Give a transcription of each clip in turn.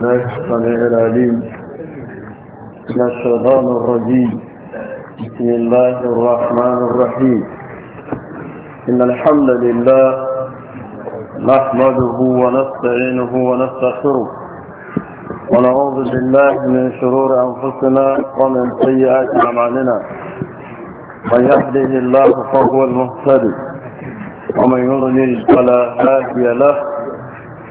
السميع العليم من الشيطان الرجيم بسم الله الرحمن الرحيم إن الحمد لله نحمده ونستعينه ونستغفره ونعوذ بالله من شرور أنفسنا ومن سيئات أعمالنا من يهده الله فهو المهتدي ومن يضلل فلا هادي له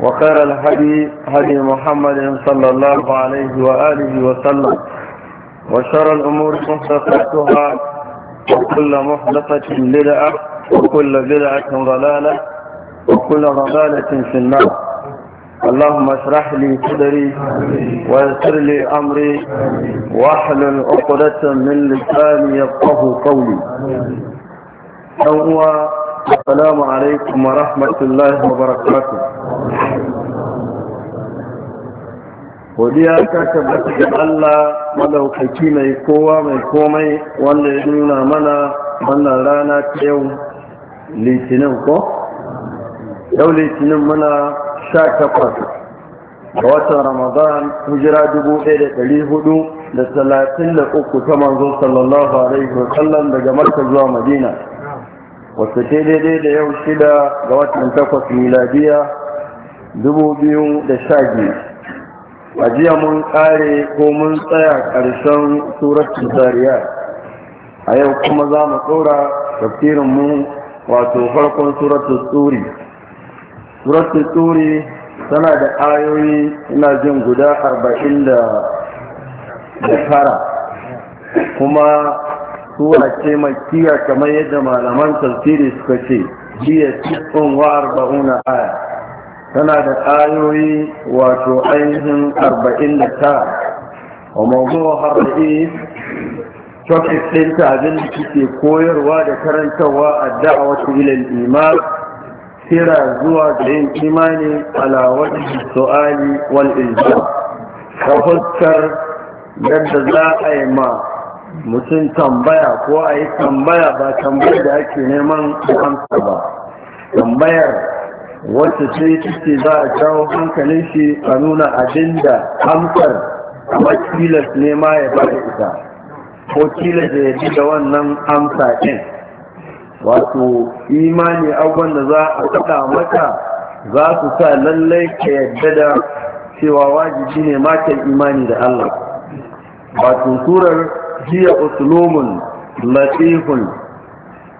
وخير الهدي هدي محمد صلى الله عليه وآله وسلم وشر الأمور محدثتها وكل محدثة بدعة وكل بدعة ضلالة وكل ضلالة في النار اللهم اشرح لي صدري ويسر لي أمري واحلل عقدة من لساني يفقه قولي Dan uwa assalamu alaikum wa rahmatullahi wa barakatuh godiya ta tabbata ga Allah madaukaki mai kowa mai komai wanda ya nuna mana wannan rana ta yau litinin ko yau litinin muna sha takwas ga watan ramadan hijira dubu ɗaya da ɗari hudu da talatin da uku ta manzo sallallahu alaihi wasallam daga marka zuwa madina wasu daidai da yau shida ga watan takwas miladiya dubu biyu da sha biyu a jiya mun kare ko mun tsaya ƙarshen suratun zariya a yau kuma za mu tsora tafsirin mu wato farkon suratun tsuri suratun tsuri tana da ayoyi ina jin guda arba'in da tara kuma sura ce makkiya kamar yadda malaman tafsiri suka ce hiya tisun wa'ar ba'una aya tana da ayoyi wato ainihin arba'in da ta a mawdu'u harfi topic ɗinta abin da suke koyarwa da karantarwa a da'awatu ilil iman kira zuwa da yin imani alawar su'ali wal ta. ka fuskar yadda za a yi ma mutum tambaya ko a yi tambaya ba tambayar da ake neman amsa ba tambayar wacce ce take za a jawo hankalin shi a nuna abin da amsar amma nema ne ma ya bada ita ko tilas ya yi da wannan amsa ɗin wato imani abubuwan da za a faɗa mata za su sa lallai ka yadda da cewa wajibi ne matan imani da Allah wato surar hiya uslumun latifun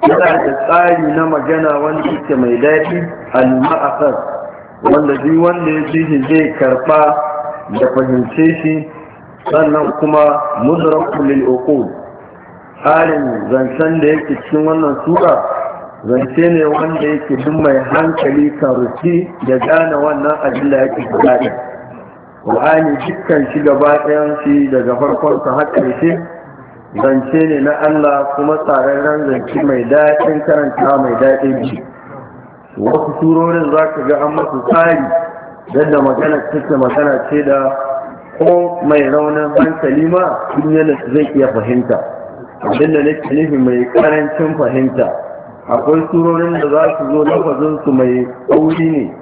yana da tsari na magana wanda yake mai daɗi al-ma'asar wanda duk wanda ya ji zai karɓa da fahimce shi sannan kuma mudrakul lil uqul halin zancen da yake cikin wannan sura zance ne wanda yake duk mai hankali kan rufi da gane wannan abin da yake faɗi Qur'ani dukkan shi gaba ɗayan shi daga farkon sa har ƙarshe zance ne na Allah kuma tsararren zance mai daɗin karanta mai daɗin ji wasu turorin za ka ga an masu tsari yadda magana cikin magana ce da ko mai raunin hankali ma in yana zai iya fahimta abinda na kilifi mai karancin fahimta akwai turorin da za su zo lafazinsu mai tsauri ne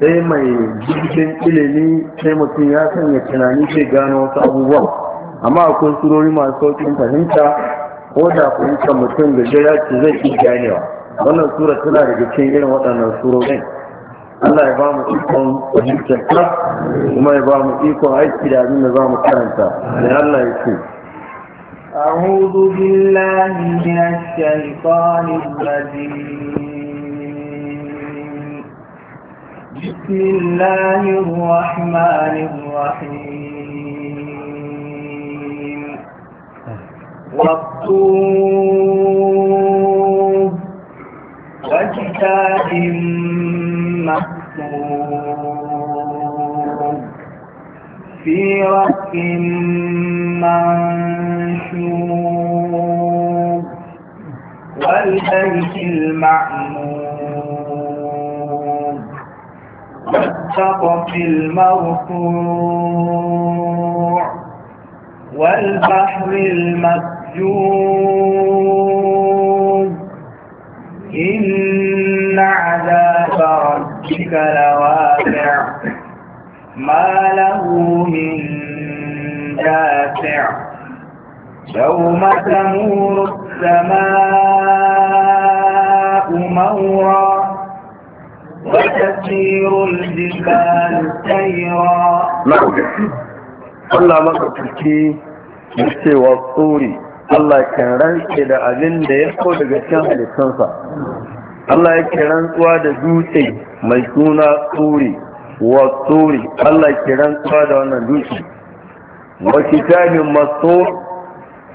sai mai jirgin ilimi sai mutum ya sanya tunani ke gano wasu abubuwan amma akwai surori masu sauƙin fahimta ko da fahimta mutum da jira ce zai iya ganewa wannan sura tana daga cikin irin waɗannan surorin Allah ya ba mu ikon fahimtar ta kuma ya ba mu ikon aiki da abin da za mu karanta da Allah ya ce أعوذ بالله من الشيطان الرجيم بسم الله الرحمن الرحيم والطوب وكتاب مكتوب في رق منشوب والبيت المعمور والسقف المرفوع والبحر المكتوب مرجوك إن عذاب ربك لواقع ما له من دافع يوم تمور السماء مورا وتسير الجبال سيرا نعم الله مكتبكي يسوى الطوري Allah kan rantse da abin da ya ko daga can halittunsa Allah ya ke rantsuwa da dutse mai suna tsuri wa tsuri Allah ya ke rantsuwa da wannan dutse wa kitabin masur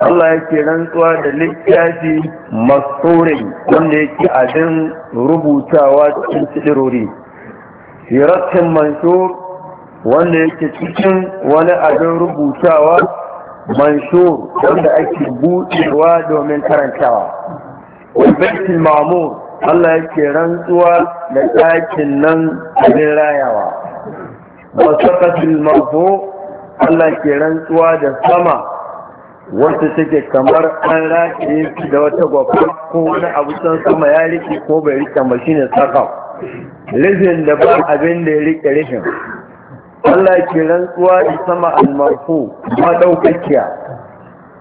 Allah ya ke rantsuwa da littafi masuri wanda yake abin rubutawa cikin sidirori firatin mansur wanda yake cikin wani abin rubutawa manshur wanda ake buɗewa domin karantawa walbaitin mamur Allah yake rantsuwa da ɗakin nan abin rayawa wasakatul marfo Allah ke rantsuwa da sama wacce take kamar an rake da wata gwafa ko wani abu can sama ya rike ko bai rike ba ne saka rufin da ba abin da ya rike rufin Allah ke rantsuwa da sama almarfu madaukakiya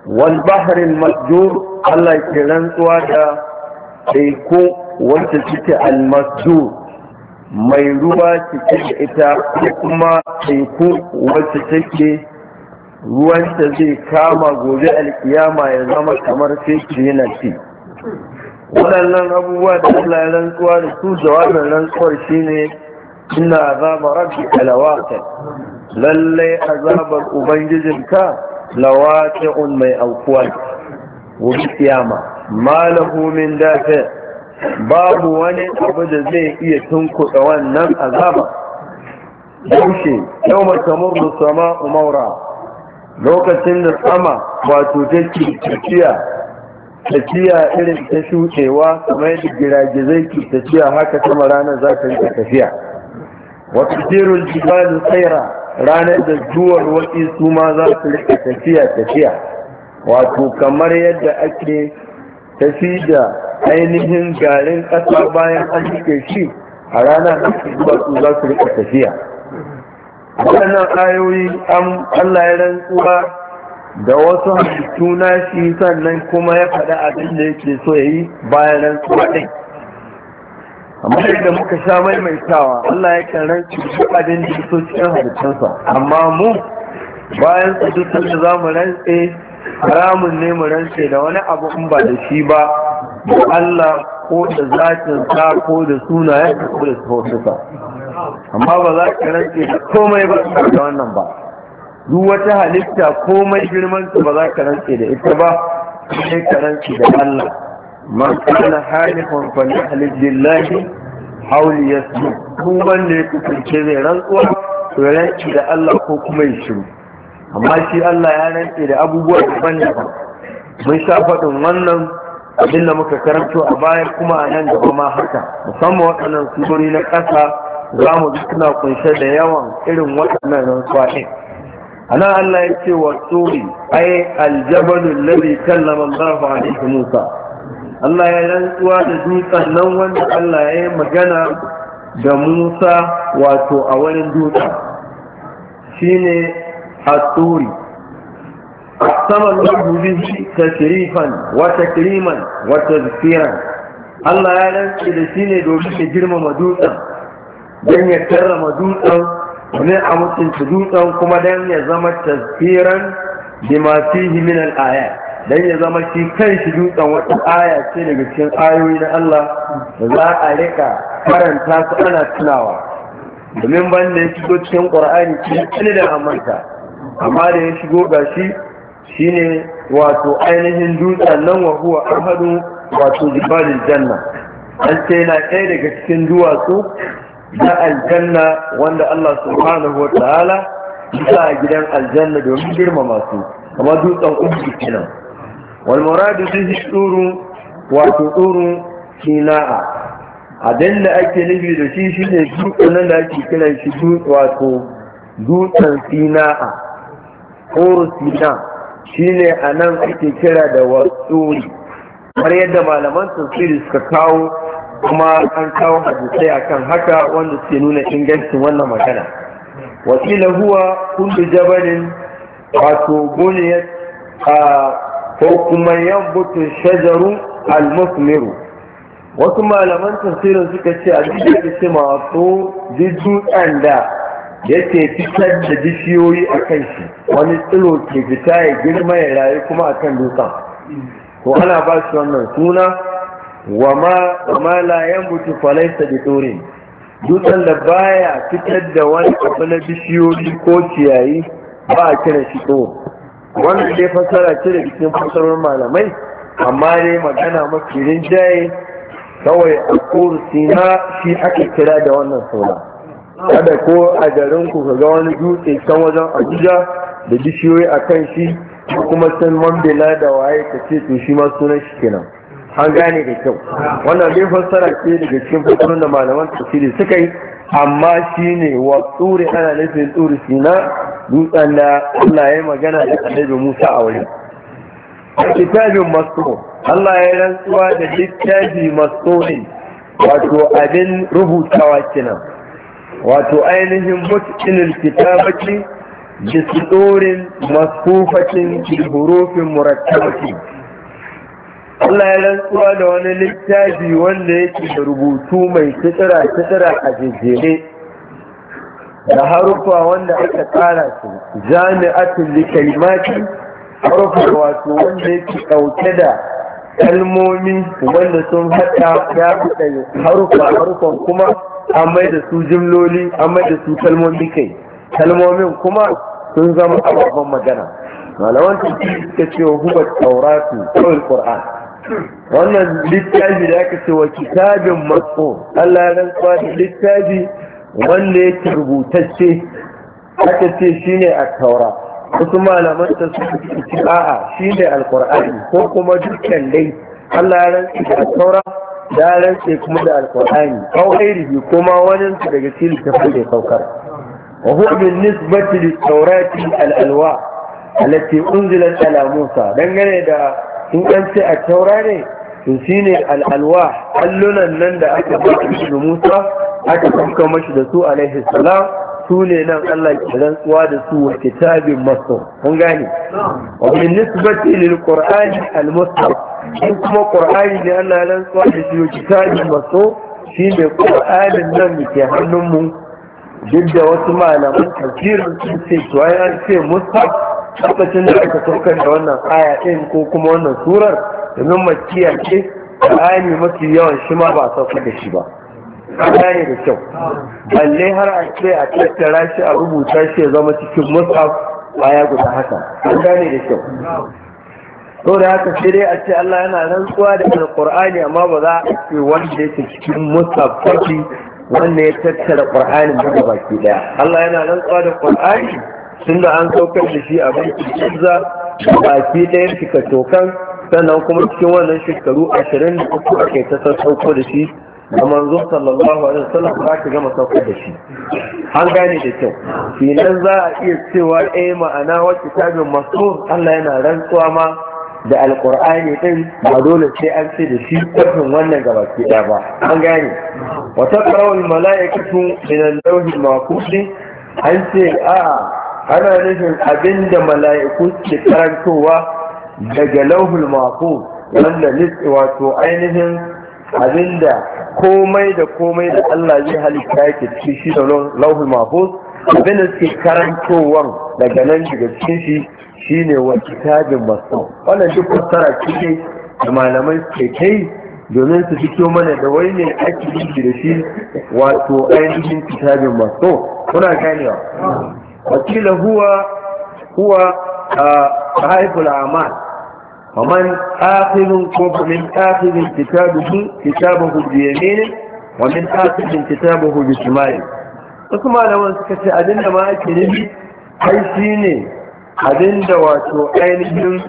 wal al masjur Allah ke rantsuwa da teku wacce al almasjur mai ruwa cike da ita ko kuma teku wacce take ruwanta zai kama gobe alkiyama ya zama kamar feki yana ci waɗannan abubuwa da Allah ya rantsuwa da su jawabin rantsuwar shine inna a rabbika lawaqi lalle azabar ubangijinka lawaqi'un mai aukuwa gobe kiyama malahu min dafi babu wani abu da zai iya tunkuɗa wannan azaba yaushe yau makamur sama umaura lokacin da sama wato take tafiya tafiya irin ta shuɗewa kamar yadda giragizai ke tafiya haka sama ranar za ta yi tafiya وتدير الجبال طيرا ranar da zuwar waƙi su ma za su rika tafiya-tafiya wato kamar yadda ake tafi da ainihin garin ƙasa bayan an jike shi a ranar ake zuwa su za su rika tafiya wannan ayoyi an allah ya rantsuwa da wasu halittu na shi sannan kuma ya faɗa abin da yake so ya yi bayan rantsuwa ɗin amma yadda muka sha maimaitawa Allah ya kan ranci duk abin da so cikin halittarsa amma mu bayan su duk da za mu rantse haramun ne mu rantse da wani abu in ba da shi ba da Allah ko da zakin sa ko da suna, ya ko da sifofinsa amma ba za ka rantse da komai ba da wannan ba duk wata halitta komai girman ba za ka rantse da ita ba sai ka rantse da Allah man kana halifan fa nahlil billahi hauli yasmu kun da ya kasance zai rantsuwa to ya rantsi da Allah ko kuma ya shiru amma shi Allah ya rantsi da abubuwa daban-daban mun sha faɗin wannan abin da muka karanto a baya kuma a nan gaba ma haka musamman waɗannan surori na ƙasa za mu ji suna kunshe da yawan irin waɗannan rantsuwa ɗin ana Allah ya ce wa tsori ai aljabalin lalli kallama Allah alaihi Musa Allah ya rantsuwa da ni sannan wanda Allah ya yi magana da Musa wato a wani dutsen shine Hatsuri saman ta tashrifan wata takriman wata tazkiran Allah ya rantsi da shi ne domin ya girmama dutsen don ya karrama dutsen wani a mutunta dutsen kuma don ya zama tazkiran bima fihi min ayat dan ya zama shi kan shi dutsen wata aya ce daga cikin ayoyi na Allah da za a rika karanta su ana tunawa domin ban da ya shigo cikin ƙwar'ani ne da amanta amma da ya shigo ga shi shine wato ainihin dutsen nan wa huwa ahadu wato jibalin janna an ce yana ɗaya daga cikin duwatsu na aljanna wanda Allah subhanahu wa ta'ala a gidan aljanna domin girmama su kamar dutsen uku kenan wal muradu bihi tsuru wato tsuru kina'a abin da ake nufi da shi shi ne nan da ake kiran shi wato dutsen sina'a ko sina shi ne a nan ake kira da watsuri har yadda malaman tafsiri suka kawo kuma an kawo hadisai akan haka wanda suke nuna ingancin wannan magana wakila huwa kullu jabalin wato goniyar. a ko kuma yambutu shajaru almusmiru wasu malaman tafsirin suka ce a duk da shi masu dutsen da yake fitar da bishiyoyi a kan shi wani tsiro ke fita ya girma ya rayu kuma a kan dutsen ko ana ba shi wannan suna wa ma la yambutu falaisa da turin dutsen da baya fitar da wani abu na bishiyoyi ko ciyayi ba a kiran shi tsoro wannan dai fassara ce da cikin fassarar malamai amma dai magana mafi rinjaye kawai a kursi na shi ake kira da wannan sauna kada ko a garin ku ga wani dutse can wajen abuja da bishiyoyi a kan shi kuma san mambila da waye ka ce to shi ma sunan shi kenan an gane da kyau wannan dai fassara ce daga cikin fassarorin da malaman tafsiri suka yi amma shi ne wa tsuri ana nufin tsuri sina dutsen da Allah ya magana da annabi Musa a wurin. Kitabin Masu, Allah ya rantsuwa da littafi Masu ne, wato abin rubutawa kenan. Wato ainihin mutkinin kitabaci jisdorin masu fashin hurufin murakkabakin. Allah ya rantsuwa da wani littafi wanda yake da rubutu mai fitira fitira a jejjere da harufa wanda aka tsara su jami'atul kalimati harufa wato wanda yake ɗauke da kalmomi wanda sun haɗa ya fi harufa harufan kuma an mai da su jimloli an mai da su kalmomi kai kalmomin kuma sun zama ababen magana malaman tafi suka ce wa hubar tauratu kawai qur'an wannan littafi da aka ce wa kitabin matso Allah ya rantsuwa da littafi wanda yake rubutacce aka ce shine a taura wasu malaman ta suka ci a'a shine alkur'ani ko kuma dukkan dai Allah ya rantsu da taura da rantsu kuma da alqur'ani ko airihi kuma wani daga cikin littafin da ya saukar wa hukumin bin nisbati taurati al-alwa التي أنزلت على dangane da. in an ce a taura ne to shi ne al'alwa allunan nan da aka ba shi da musa aka kuka mashi da su alaihi salam su ne nan allah ke rantsuwa da su wa kitabin masu kun gane wa min nisbati lil qur'ani al musaf in kuma qur'ani ne allah ya rantsuwa da shi wa kitabin masu shi ne qur'anin nan ke hannun mu duk da wasu malaman tafsirin sun ce to ai an ce Musa. lokacin da aka saukar da wannan aya ɗin ko kuma wannan surar domin ke. ce ne mafi yawan shi ma ba a saukar da shi ba kaya ne da kyau balle har a ce a tattara shi a rubuta shi ya zama cikin musaf baya guda haka kaya ne da kyau to da haka sai dai a ce Allah yana rantsuwa da alqur'ani amma ba za a ce wanda yake cikin musaf wanda ya tattara qur'ani daga baki daya Allah yana rantsuwa da qur'ani tun da an saukar da shi a banki canza baki ɗaya shika tokan sannan kuma cikin wannan shekaru ashirin da uku ake ta sassauko da shi da manzon sallallahu alaihi wasallam za ka gama saukar da shi an gane da kyau filan za a iya cewa eh ma'ana wa kitabin masur Allah yana rantsuwa ma da alqur'ani din ba dole sai an ce da shi kafin wannan gaba ke da ba an gane wa taqra'u al mala'ikatu min al-lawhi al an ce a'a ana nufin abin da mala'iku ke karantowa daga lauhul mafu wanda wato ainihin abin da komai da komai da Allah zai halitta yake cikin shi da lauhul mafu abin da suke karantowan daga nan daga cikin shi Shi ne wa kitabin masu wannan duk fassara cikin da malamai suke kai domin su fito mana da wai ne ake yi da shi wato ainihin kitabin masu kuna ganewa wakila huwa huwa sahibul amal ومن آخذ ومن آخذ كتابه كتابه بيمينه ومن آخذ كتابه بشماله wasu malaman suka ce da ma ake nufi kai shi ne abinda wato ainihin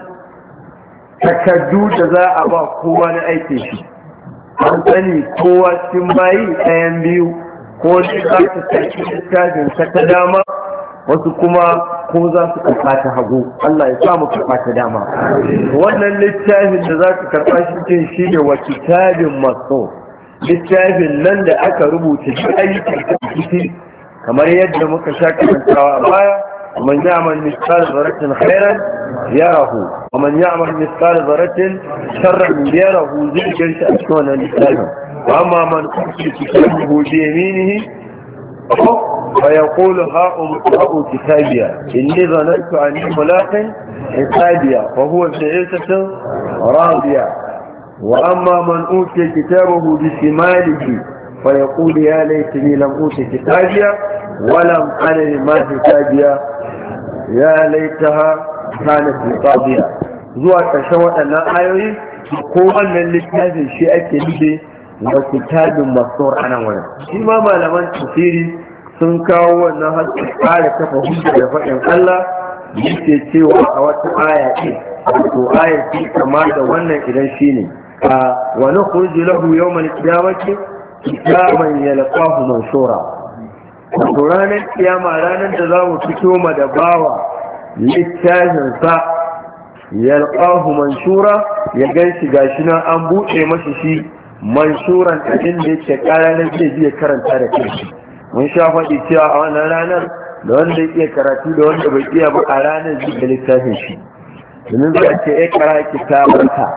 takardu da za a ba kowa na aiki shi an sani kowa cikin bayi ɗayan biyu ko ne za su sarki littafin ta ta dama wasu kuma ko za su karɓa ta hagu Allah ya samu karɓa ta dama wannan littafin da za ka karɓa shi ce shi ne wa kitabin maso littafin nan da aka rubuta shi ayyukan ciki kamar yadda muka sha karantawa a baya ومن يعمل مثقال ذرة خيرا يره ومن يعمل مثقال ذرة شرا يره زي جلسة أشكونا وأما من أوتي كتابه بيمينه فيقول هاؤم اقرأوا كتابيا إني ظننت أني ملاق حسابيا فهو في عيشة راضية وأما من أوتي كتابه بشماله فيقول يا ليتني لم أوت كتابيا ولم أنل ما كتابيا يا ليتها كانت نصابيا zuwa ƙarshen waɗannan ayoyi ko wannan littafin shi ake nufi wasu kitabin masuwar anan wani shi ma malaman tafiri sun kawo wannan hasken tsari ta fahimta da faɗin Allah yake cewa a wata aya ce to aya ce kama da wannan idan shine a wani kurji lahu mai qiyamati kitaban yalqahu mansura to ranar kiyama ranar da za mu fito ma da bawa littafinsa yalqahu mansura ya shi gashi nan an buɗe masa shi mansuran a inda yake ƙararar zai biya karanta da kai mun sha faɗi cewa a wannan ranar da wanda iya karatu da wanda bai iya ba a ranar zai da littafin shi domin za a ce ya eh, kara kitabarka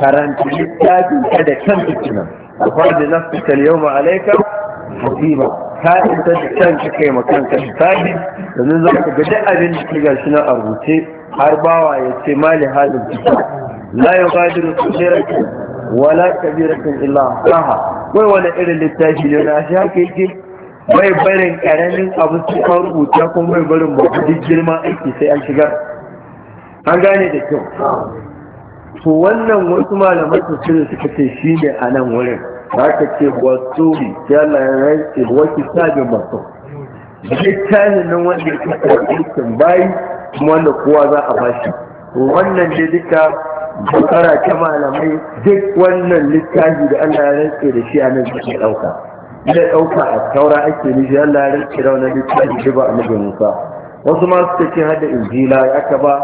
karanta littafin ka da kan fitinan a faɗi na fitar yau ma alaikar musiba ka isa da kan ka kai makan ka littafi domin za ka ga duk abin da ke gashi na a rubuce har bawa ya ce mali halin kitab la yubadiru kabiratan wala kabiratan illa ahsaha wai wani irin littafi ne na shi haka yake bai barin karamin abu su an rubuta kuma bai barin babu girma aiki sai an shiga. an gane da kyau to wannan wasu malaman da suka ce shi ne a nan wurin za ka ce wasu sai Allah ya rantse wa kitabin masu littafin nan wanda ya kasance aikin bayi kuma wanda kowa za a bashi wannan da duka bukara ta malamai duk wannan littafi da Allah ya rantse da shi a nan ke ɗauka ina ɗauka a taura ake nufi Allah ya rantse da wannan littafi da ba a nufin Musa wasu ma suka ce hada injila ya aka ba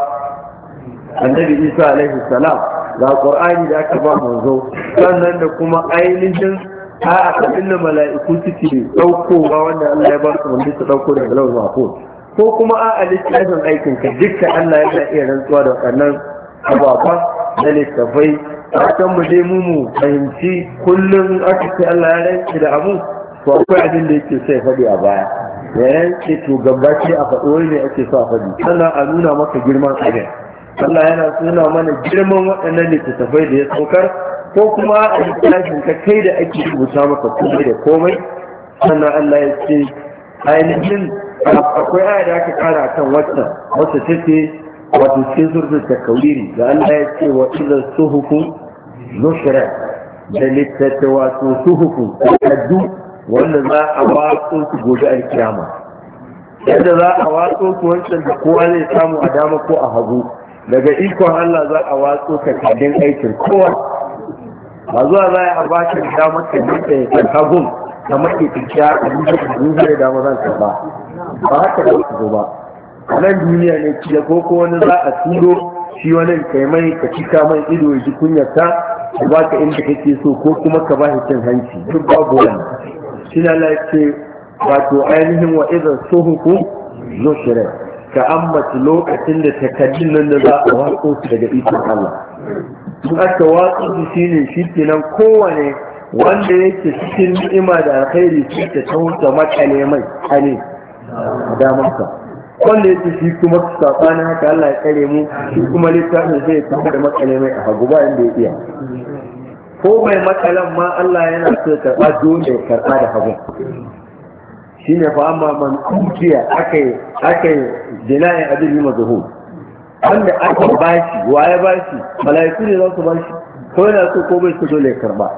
annabi Isa alaihi salam ga Qur'ani da aka ba manzo sannan da kuma ainihin a a mala'iku suke ɗaukowa wanda Allah ya ba su wanda su ɗauko daga lauyin ko. ko kuma a littafin aikin ka dukka Allah yana iya rantsuwa da waɗannan ababa da littafai fatan mu dai mu fahimci kullum aka ce Allah ya rantsi da abu to akwai abin da yake sai faɗi a baya ya rantsi to ce a faɗo ne ake sa a faɗi sannan a nuna maka girman abin Allah yana suna mana girman waɗannan littattafai da ya saukar ko kuma a littafin ka kai da ake rubuta maka komai da komai sannan Allah ya ce ainihin akwai aya da aka kara kan wata wata take wato cikin surbin takawiri da Allah ya ce wa su suhuku nushra da littattawa wato suhuku kaddu wanda za a watsu su gobe alkiyama yadda za a watsu su wancan da kowa zai samu a dama ko a hagu daga ikon Allah za a ka kaddin aikin kowa ba zuwa za a ba shi damar ka hagun kamar ke tafiya a duniya da dama zan karba ba haka da su ba a nan duniya ne ci ko ko wani za a turo shi wani kai mai ka mai ido ya ji kunyarta ka ba ka inda kake so ko kuma ka ba shi cin hanci duk babu wani shi na lafiya wato ainihin wa idan zo shirai ka ambaci lokacin da takaddun nan da za a watsa su daga ikon Allah. In aka watsa su shi ne shi kenan kowane wanda yake cikin ni'ima da alkhairi shi ta tausa makale mai ale damanka wanda yake shi kuma sabanin haka Allah ya kare mu shi kuma littafin zai tafi da makale mai a hagu ba inda ya iya ko mai makalan ma Allah yana so ya karɓa dole ya karɓa da hagu shi ne fa amma man kuciya aka yi aka yi jina'in abin mazuhu wanda aka bashi waye bashi mala'iku ne za su bashi ko yana so ko bai so dole ya karɓa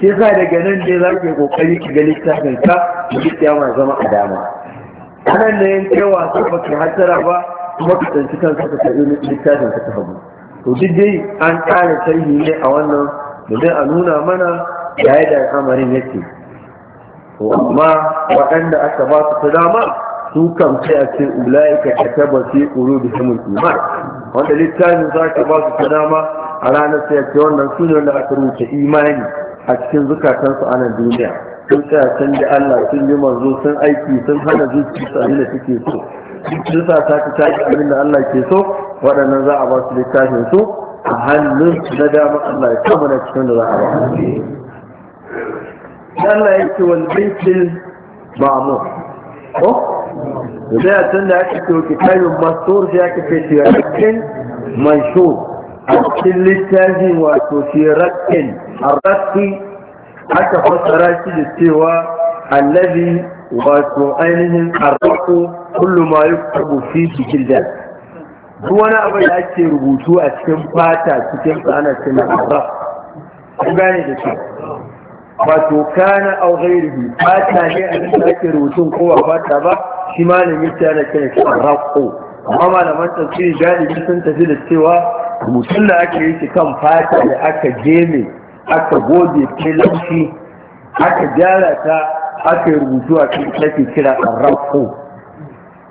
shi sa daga nan ne za yi kokari ki ga littafin ka ki kiyama zama a dama anan ne yan cewa ba ki hatara ba kuma ka tsanci kanka ka ne littafin ka ta hagu to duk dai an ƙara sharhi ne a wannan domin a nuna mana yaya da al'amarin yake to amma waɗanda aka ba su ta dama su kan sai a ce ula'ika ka taba fi ƙuru da samun iman wanda littafin za ka ba su ta dama a ranar sai a ce wannan su ne wanda aka rubuta imani a cikin zukatansu a nan duniya sun tsaya can da Allah sun yi manzo sun aiki sun hana zuci su abin da suke so sun sa ta ta tafi abin da Allah ke so waɗannan za a ba su littafin su a hannun na dama Allah ya kama na cikin da za a ba Allah ya ce wani baitil ma'mur ko da ya tunda ake ce kitabun masur sai ake ce mai manshur a cikin littafin wato fi rakin arrafi aka fassara shi da cewa allazi wato ainihin arraku kullum ma yi kubu fi cikin da duk wani abu da ake rubutu a cikin fata cikin ana cikin arraf ku gane da shi wato kana au ghairihi fata ne a cikin ake rubutun ko ba fata ba shi malamin ta na kiran shi arraku amma malaman tafsiri galibi sun tafi da cewa rubutun da aka yi kan fata da aka geme aka goge ke aka gyara ta aka yi rubutu a cikin ake kira arrafu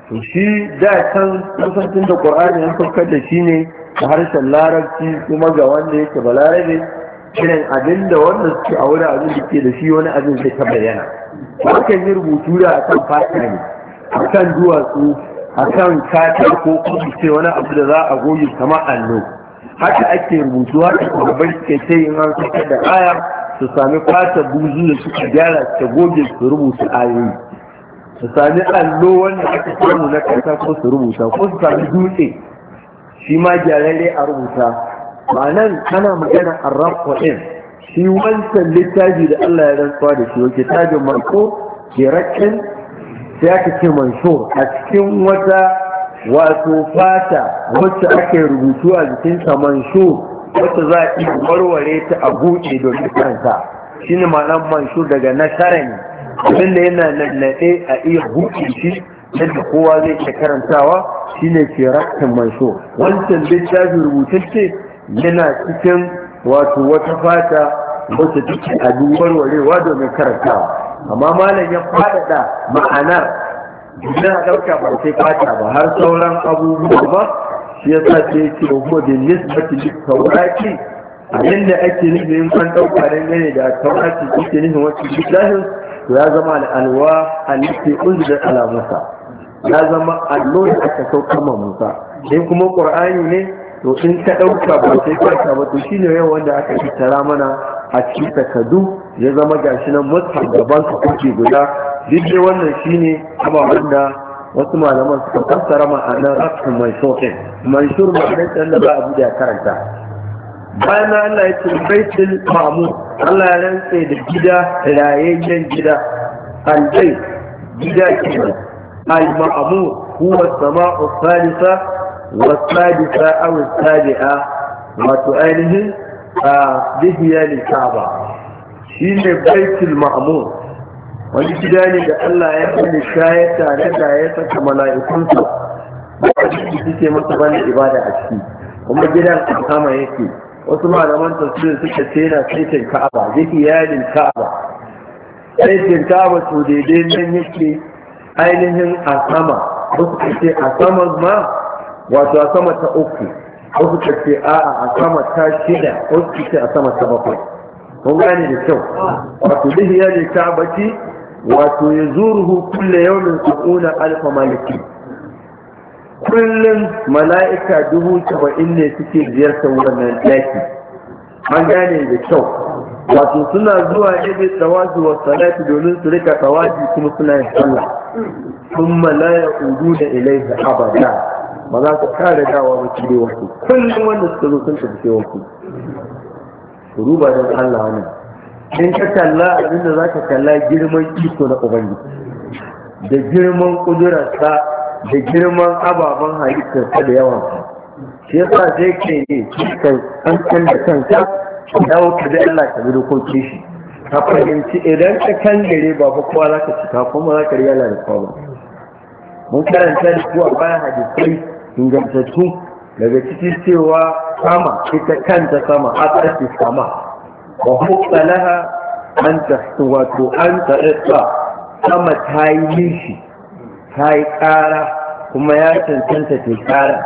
to shi da can kusancin da ƙwararri ya saukar da shi ne a harshen larabci kuma ga wanda yake balarabe kiran abin da wanda suke a wurin abin da ke da shi wani abin zai ta bayyana akan yi rubutu da akan fata ne kan duwatsu akan katako ko ce wani abu da za a goyi kama allo haka ake rubutu haka babban suke ce yin an suka da aya su sami fata buzu da suka gyara ta goge su rubuta ayoyi su sami allo wanda aka samu na kasa ko su rubuta ko su sami dutse shi ma gyararre a rubuta ba nan ana magana a rafa ɗin shi wancan littafi da Allah ya rantsuwa da shi wake tajin marko ke rakin sai aka ce manshur a cikin wata wato fata wacce ake rubutu a jikin saman shu wacce za a warware ta a buɗe domin kanta shi ne ma'anar manshu daga nasara ne abin da yana nannaɗe a iya buɗe shi yadda kowa zai iya karantawa shi ne ke rakkan manshu wancan littafi rubutacce yana cikin wato wata fata wacce take a warwarewa domin karantawa amma malam ya faɗaɗa ma'anar na ɗauka ba sai kwata ba har sauran abubuwa ba shi yasa sai ke ko da nisbati da tauraki abin da ake nufi in kan ɗauka don gane da tauraki ake nufin wasu littafin ya zama da alwa nufi uzda ala musa ya zama allo da aka sauka ma musa in kuma ƙur'ani ne to in ka ɗauka ba sai kwata ba to shine yau wanda aka fitara mana a cikin takardu ya zama gashi nan mutum gaban su kuke guda duk wannan shine ababen da wasu malaman suka fassara ma'anar rafin mansur din mansur ma'anar ɗan da ba a da ya karanta bayan Allah ya ce baitul ma'mur Allah ya rantse da gida rayayyen gida albai gida kenan al-ma'mur huwa samau thalitha wa thalitha aw sabi'a wato ainihin a bihiyar kaba shi ne baitul ma'amun wani gida ne da Allah ya sani shayar tare da ya saka mala'ikunsa ba a ciki suke masa bane ibada a ciki kuma gidan kama yake wasu malaman tafsirin suka ce yana saitin ka'aba yake yayin ka'aba saitin ka'aba to daidai nan yake ainihin a sama wasu ka ce a sama ma wato a sama ta uku wasu ka ce a'a a sama ta shida wasu ka ce a sama ta bakwai kun gane da kyau wato ya ne kabati wato ya zuruhu kulle yawmin sab'una alfa maliki kullum mala'ika dubu saba'in ne suke ziyartar wannan daki an gane da kyau wato suna zuwa ibi tsawazi wa salati domin su rika tsawazi kuma suna yin sallah sun malaya udu da ilaihi abada ba za su kare dawa ba cire wasu kullum wanda suka zo sun tafi wasu ruba don Allah wani in ka kalla abin da za ka kalla girman iko na ubangiji da girman kudurarsa da girman ababen halittarsa da yawan shi yasa sai ke ne kan kankan da kanka ka dawo ka da Allah ka bi dokokin shi ka fahimci idan ka kan gare ba fa kowa za ka cika kuma za ka riya lalata ba mun karanta da kuwa bayan hadisai ingantattu daga cikin cewa sama ita kanta sama a ƙarfi sama wa hukka laha an ta wato an ta ɗaɗa sama ta yi nishi ta yi ƙara kuma ya cancanta ta ƙara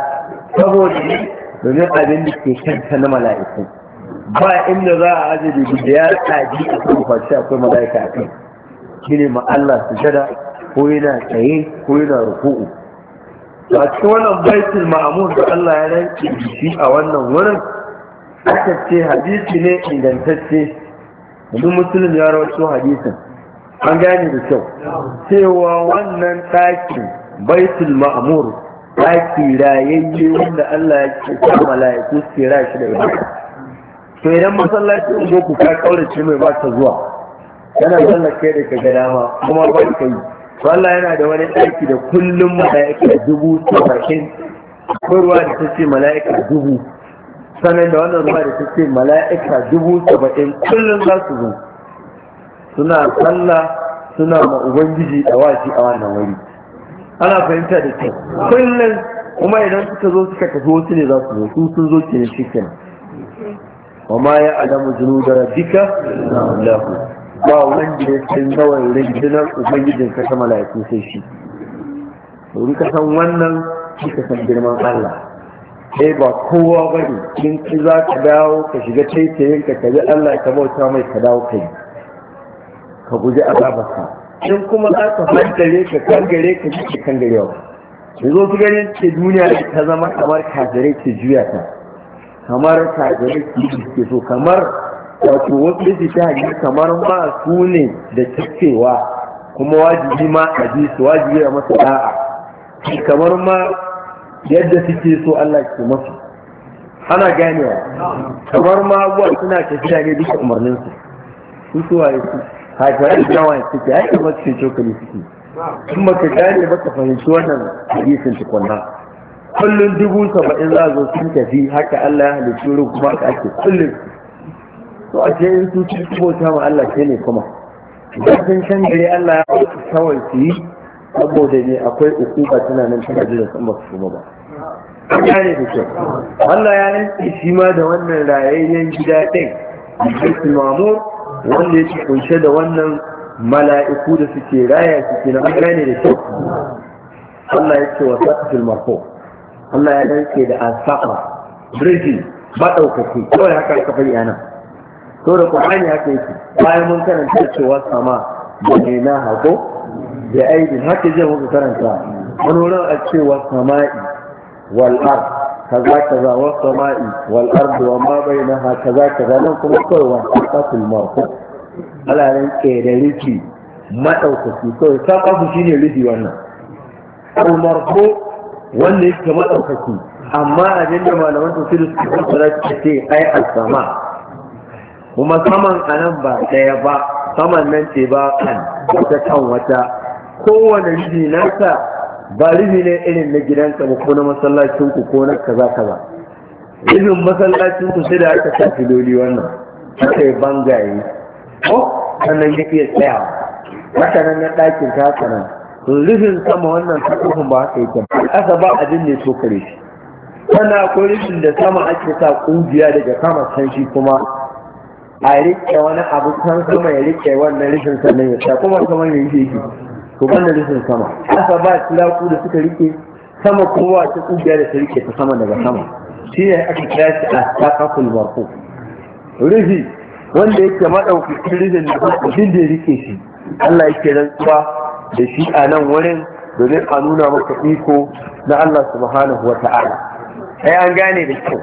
saboda domin abin da ke kanta na mala'iku ba inda za a ajiye da ya tsaji a kan kwanci akwai mala'ika a kai shi ne ma Allah su jada ko yana tsaye ko yana ruku'u a cikin wannan baitul ma'amur da Allah ya ranke shi a wannan wurin aka ce hadisi ne ingantacce duk musulun ya rawaito hadisin an gane da kyau cewa wannan taki baitul ma'amur taki rayayye wanda Allah ya ce ta mala'iku su ra shi da ibada to idan masallacin ku ka kaurace mai ba ta zuwa yana kai da ka ga kuma ba ka yi to Allah yana da wani aiki da kullum mala'ika dubu saba'in akwai ruwa da ta ce mala'ika dubu sannan da wannan ruwa da ta ce mala'ika dubu ta saba'in kullum za su zo suna sallah suna ma ubangiji da wasi a wannan wuri ana fahimta da ke kullum kuma idan suka zo suka tafi wasu ne za su zo su sun zo ke ne shi kenan wa ma ya alamu junu da rabbika lahu ba wanda ya san zawar rundunar ubangijin ka ta sai shi domin ka san wannan shi ka san girman Allah sai ba kowa ba ne in ki za ka dawo ka shiga taitayin ka kaji Allah ka bauta mai ka dawo kai ka guji azabarsa in kuma za ka hankale ka kangare ka ji ka kangare wa zo su ganin ce duniya ta zama kamar kajirai ke juya ta kamar kajirai ke so kamar wato wasu ijtihadi kamar ma su ne da cikewa kuma wajibi ma a ji su wajibi a masa da'a kamar ma yadda suke so Allah ke masu ana ganewa kamar ma abuwa suna tafiya ne duka umarnin su su su waye su da yawa ya suke ya masu cikin cokali suke in baka gane baka fahimci wannan hadisin tukunna kullum dubu saba'in za zo sun tafi haka Allah ya halittu kuma ka ake kullum to a ce in su ci bauta ma Allah ce ne kuma Zafin sun san Allah ya ba kawai su yi saboda ne akwai uku ukuba tana nan tana jira san ba su kuma ba gane da kyau Allah ya yanke shi ma da wannan rayayyen gida ɗin Abdul Mamur wanda yake kunshe da wannan mala'iku da suke raya su kenan an gane da kyau Allah ya ce wa saqatul marfu Allah ya yanke da Asaba, birji ba daukaki kawai haka ka fari yana to da qur'ani haka yake bayan mun karanta cewa sama da ne na hako da aidi haka zai muka karanta wani wurin a cewa sama'i wal ard kaza kaza wa sama'i wal ard wa ma bainaha kaza kaza nan kuma kawai wa taqul mawqu ala ran kedari ki madaukaki kawai taqafu shine rufi wannan al marfu wanda yake madaukaki amma a jinda malaman tafsir su fara ce ai al sama' kuma saman a nan ba ɗaya ba saman nan ce ba kan wata kan wata kowane rizi nasa ba rufi ne irin na gidanka ba ko na masallacin ku ko na kaza kaza rufin ku sai da aka sa filoli wannan aka yi bangaye ko oh, sannan ya iya tsaya. haka nan na ɗakin ta haka nan rufin sama wannan sakofin ba haka yake ba ba abin ne so kare shi sannan akwai rufin da sama ake sa ƙungiya daga kama can shi kuma a rike wani abu kan sama ya rike wannan rishin sannan ya sha kuma kamar ya yi shi ban banda rishin sama asa ba ku da suka rike sama wa ta kungiya da ta rike ta sama daga sama shi ne aka kira shi a takakul marko rufi wanda yake maɗaukakin rufin da abin da ya rike shi Allah yake rantsuwa da shi a nan wurin domin a nuna maka iko na Allah subhanahu wa ta'ala ai an gane da kyau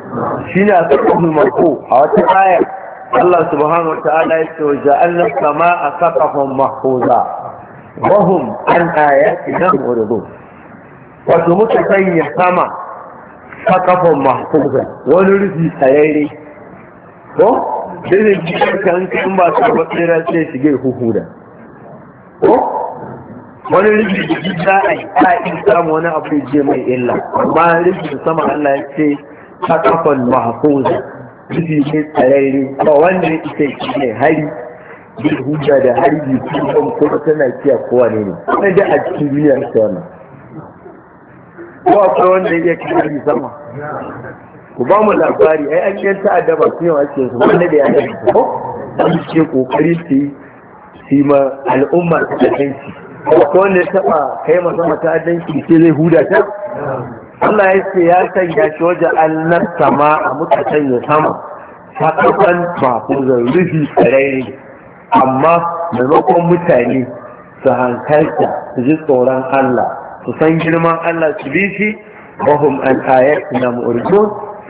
shi ne a tsakakul marko a wata ayar Allah subhanahu wa ta'ala ya ce allah sama a mahfuza wa hum an ayatina muridun wato muka sanya sama saqafan mahfuza wani rufi tsayayye ko sai da jikin kan ba su ba tsira sai shige huhuda ko wani rikici za a yi ta'in samu wani abu je mai illa amma rikici sama Allah ya ce ta kafan mahafuza rufi ne tsararre ba wanda ya ita shi ne hari bil hujja da harbi kuma kuma tana kiya kowa ne ne kuma da a cikin duniya ta wannan ko akwai wanda ya iya kiri sama ku ba mu labari ai an yan ta adaba su yi ake su wanda da ya yi ko an ce kokari su yi su ma al'umma ta kanci ko wanda ya taba kai masa mata adanci, sai zai huda ta Allah ya ce ya sanya shi waje annar sama a muka sanya sama ta kafan mafuzar rufi tsararri amma maimakon mutane su hankalta su ji tsoron Allah su san girman Allah su bi shi wahum an ayat na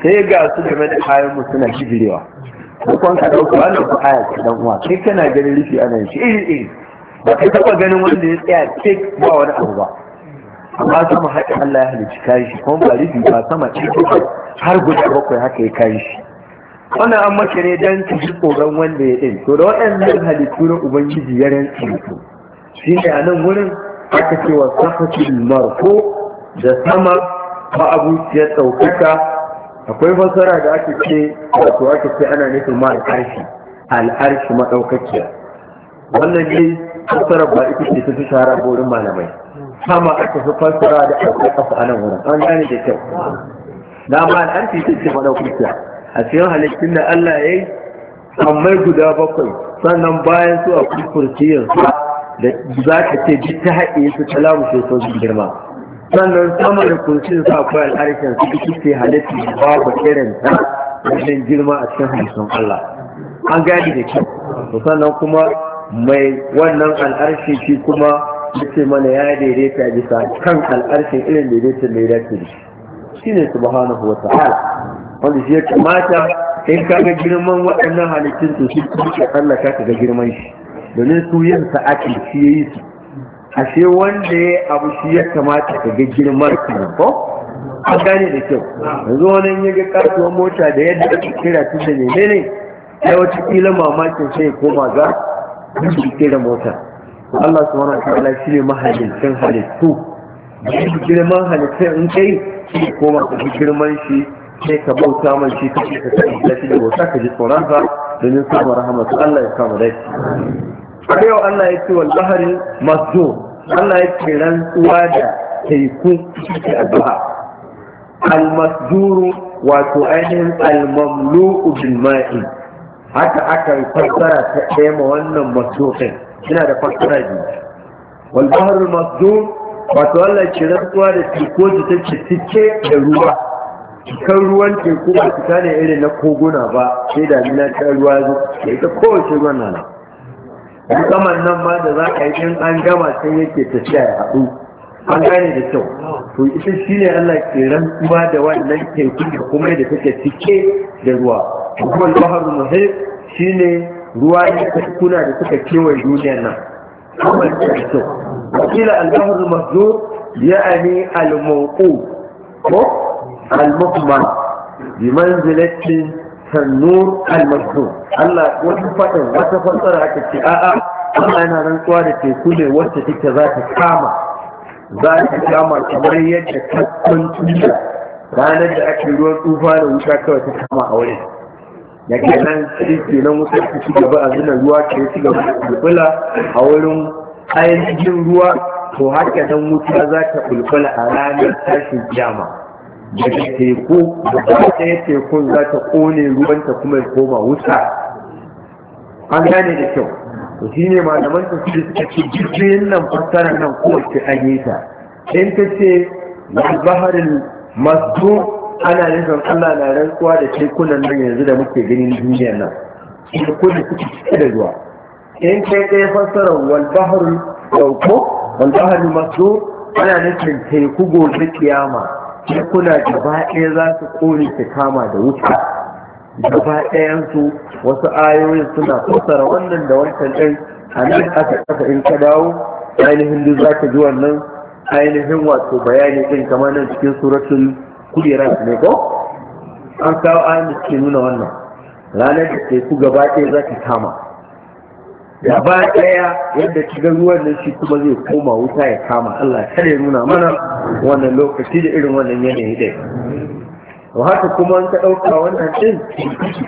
sai ga su game da kayan mu suna jigirewa Bukon ka dauka wannan ku aya ce dan uwa kai kana ganin rufi nan shi iri iri ba kai taba ganin wanda ya tsaya cik ba wani abu ba amma sama haka Allah ya halicci kayi shi kuma ba rufi ba sama ce har guda bakwai haka ya kayi shi wannan an maka ne dan ka ji wanda ya ɗin to da waɗannan halittu na ubangiji ya rantsi mutum. shi ne a nan wurin aka ce wa safatul marko da sama ba abuciyar ɗaukaka akwai fasara da aka ce wato ake ce ana nufin ma al'arshi al'arshi maɗaukakiya wannan ne fasara ba ita ce ta fi shahara malamai kama aka tafi fassara da aka kafa a nan wurin an gane da kyau na ma al'arfi ta ce faɗa kuciya a cikin halittun da Allah ya yi kamar guda bakwai sannan bayan su a kurkurciyar su da za ka ce duk ta haɗe su ta lamu su girma sannan sama da kurcin su akwai al'arshen su duk ce halittu babu irin ta wajen girma a cikin halittun Allah an gane da kyau sannan kuma mai wannan al'arshi shi kuma yake mana ya daidaita bisa kan al'arshin irin daidaitin da ya dace da shi shine subhanahu wa ta'ala wanda shi ya kamata in ka ga girman waɗannan halittun to shi kuma ke tsallaka ka ga girman shi domin su yin sa shi ya yi su ashe wanda ya abu shi ya kamata ka ga girman ka ko an gane da kyau yanzu wani ya ga kasuwar mota da yadda ake kira tun da ne ya wata kila mamakin sai ya koma ga shi kira mota Allah subhanahu wa ta'ala shi ne mahalicin halittu girman halittun in kai shi koma ka girman shi sai ka bauta mai shi ka ka sa shi da bauta ka ji tsoron sa domin samun rahamatu Allah ya kama dai a yau Allah ya ce wal bahari masdu Allah ya ce rantsuwa da teku shi addu'a al masduru wato ainihin al mamlu'u bil ma'i haka aka fassara ta ɗaya wannan masdu'in yana da fassara biyu wal bahrul masdum wato Allah ke rantsuwa da teku da take cike da ruwa cikin ruwan teku ba su ne irin na koguna ba sai da na ta ruwa zo da ita kowace ruwan nan musamman nan ma da za a yi in an gama sai yake tafiya ya haɗu an gane da kyau to ita shi ne Allah ke rantsuwa da wannan teku da kuma da take cike da ruwa kuma al-bahrul shine ruwa ne kuna da suka kewaye duniyar nan kuma da kyau wakila al-bahr mahzur ya'ani al-mawqu ko al-muqman bi manzilatin tannur al-mahzur Allah wani fatan wata fassara aka ce a'a Allah yana rantsuwa da teku ne wacce take za ta kama za ta kama kamar yadda kaskon tuya ranar da ake ruwan tsufa da wuta kawai ta kama a wurin da ke nan ke nan wasu su ci gaba a zina ruwa ke ci gaba da bulbula a wurin ainihin ruwa to haka nan wuta za ta bulbula a ranar tashin kiyama daga teku da ɗaya tekun za ta ƙone ta kuma koma wuta an gane da kyau to shi ne malaman tafsiri suka ce jirgin nan fassara nan kowace an yi ta in ta ce na baharin masdur ana nufin Allah na rantsuwa da tekunan nan yanzu da muke ganin duniyar nan da kudi suke cike da ruwa in kai kai fassara wal bahrul dauko wal bahr masdu ana nufin teku gobe kiyama tekuna gaba ɗaya za su kone su kama da wuta gaba ɗayansu wasu ayoyin suna fassara wannan da wancan ɗin a aka kasa in ka dawo ainihin duk za ka ji wannan ainihin wato bayani ɗin kamar nan cikin suratul kujeran ne ko an kawo ayin da suke nuna wannan ranar da ke ku gaba ɗaya za ki kama gaba ɗaya yadda ki ga ruwan nan shi kuma zai koma wuta ya kama Allah ta ya nuna mana wannan lokaci da irin wannan yanayi ɗaya to haka kuma an ka ɗauka wannan ɗin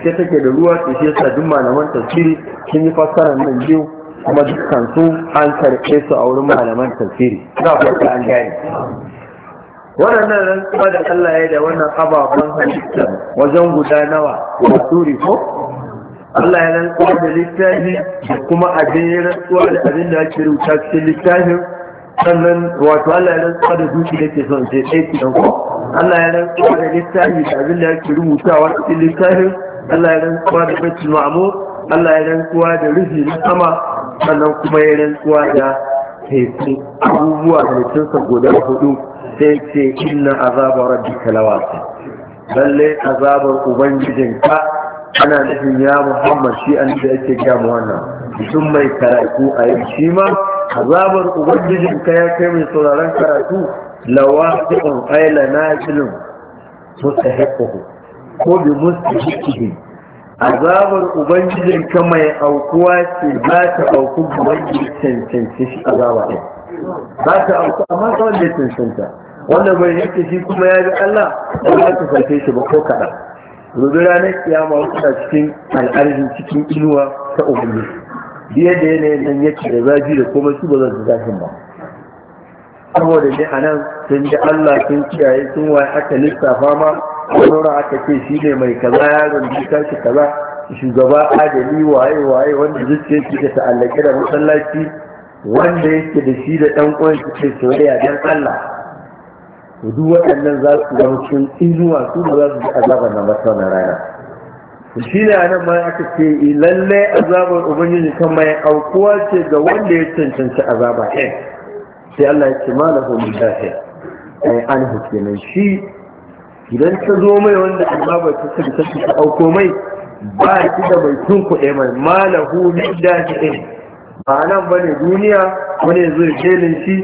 ta take da ruwa ta shi yasa duk malaman tafsiri sun yi fassara nan biyu kuma dukkan su an karɓe su a wurin malaman tafsiri za ku an gane waɗannan rantsuwa da Allah ya da wannan ababen halitta wajen guda nawa turi ko Allah ya rantsuwa da littafi da kuma abin ya rantsuwa da abin da ake rubuta cikin littafin sannan wato Allah ya rantsuwa da duki da ke son sai sai ki ko Allah ya rantsuwa da littafi da abin da ake rubutawa cikin littafin Allah ya rantsuwa da bacci ma'amu Allah ya rantsuwa da rufi na sama sannan kuma ya rantsuwa da teku abubuwa da mutum sa guda hudu sai ce inna azabar rabbika lawaqi lalle azabar ubangijin ubangijinka ana nufin ya muhammad shi an da yake ga mu wannan mutum mai karatu a yau shi ma azabar ubangijin ka ya kai mai sauraron karatu lawaqi'un ayla nazilun mustahiquhu ko bi mustahiqihi azabar ubangijin ka mai aukuwa ce za ta auku ubangiji cancanci shi azaba ɗin za ta auku amma kawai da cancanta wanda bai yake shi kuma ya bi Allah ba za ka farfe shi ba ko kaɗan gobe ranar kiyama wasu cikin al'arzi cikin inuwa ta umarni biye da yanayin nan yake da zafi da komai su ba zan su zafin ba saboda ne a nan sun ji Allah sun kiyaye sun waye aka lissafa ma saura aka ce shi ne mai kaza yaron bi tashi kaza shugaba adali waye waye wanda zuciya shi da ta'allake da masallaci wanda yake da shi da ɗan uwan shi soyayya dan Allah to duk waɗannan za su zama cikin inuwa su ba za su ji azabar nan ba wannan rana shi ne a nan ma aka ce eh, lalle azabar ubangiji kan mai aukuwa ce ga wanda ya cancanci azaba ɗin sai Allah ya ce ma na homi dafi ai an hukke nan shi idan ta zo mai wanda azabar ta cancanci ta auko mai ba shi da mai kuɗe mai ma na homi dafi ɗin ba nan ba ne duniya wani zai jelin shi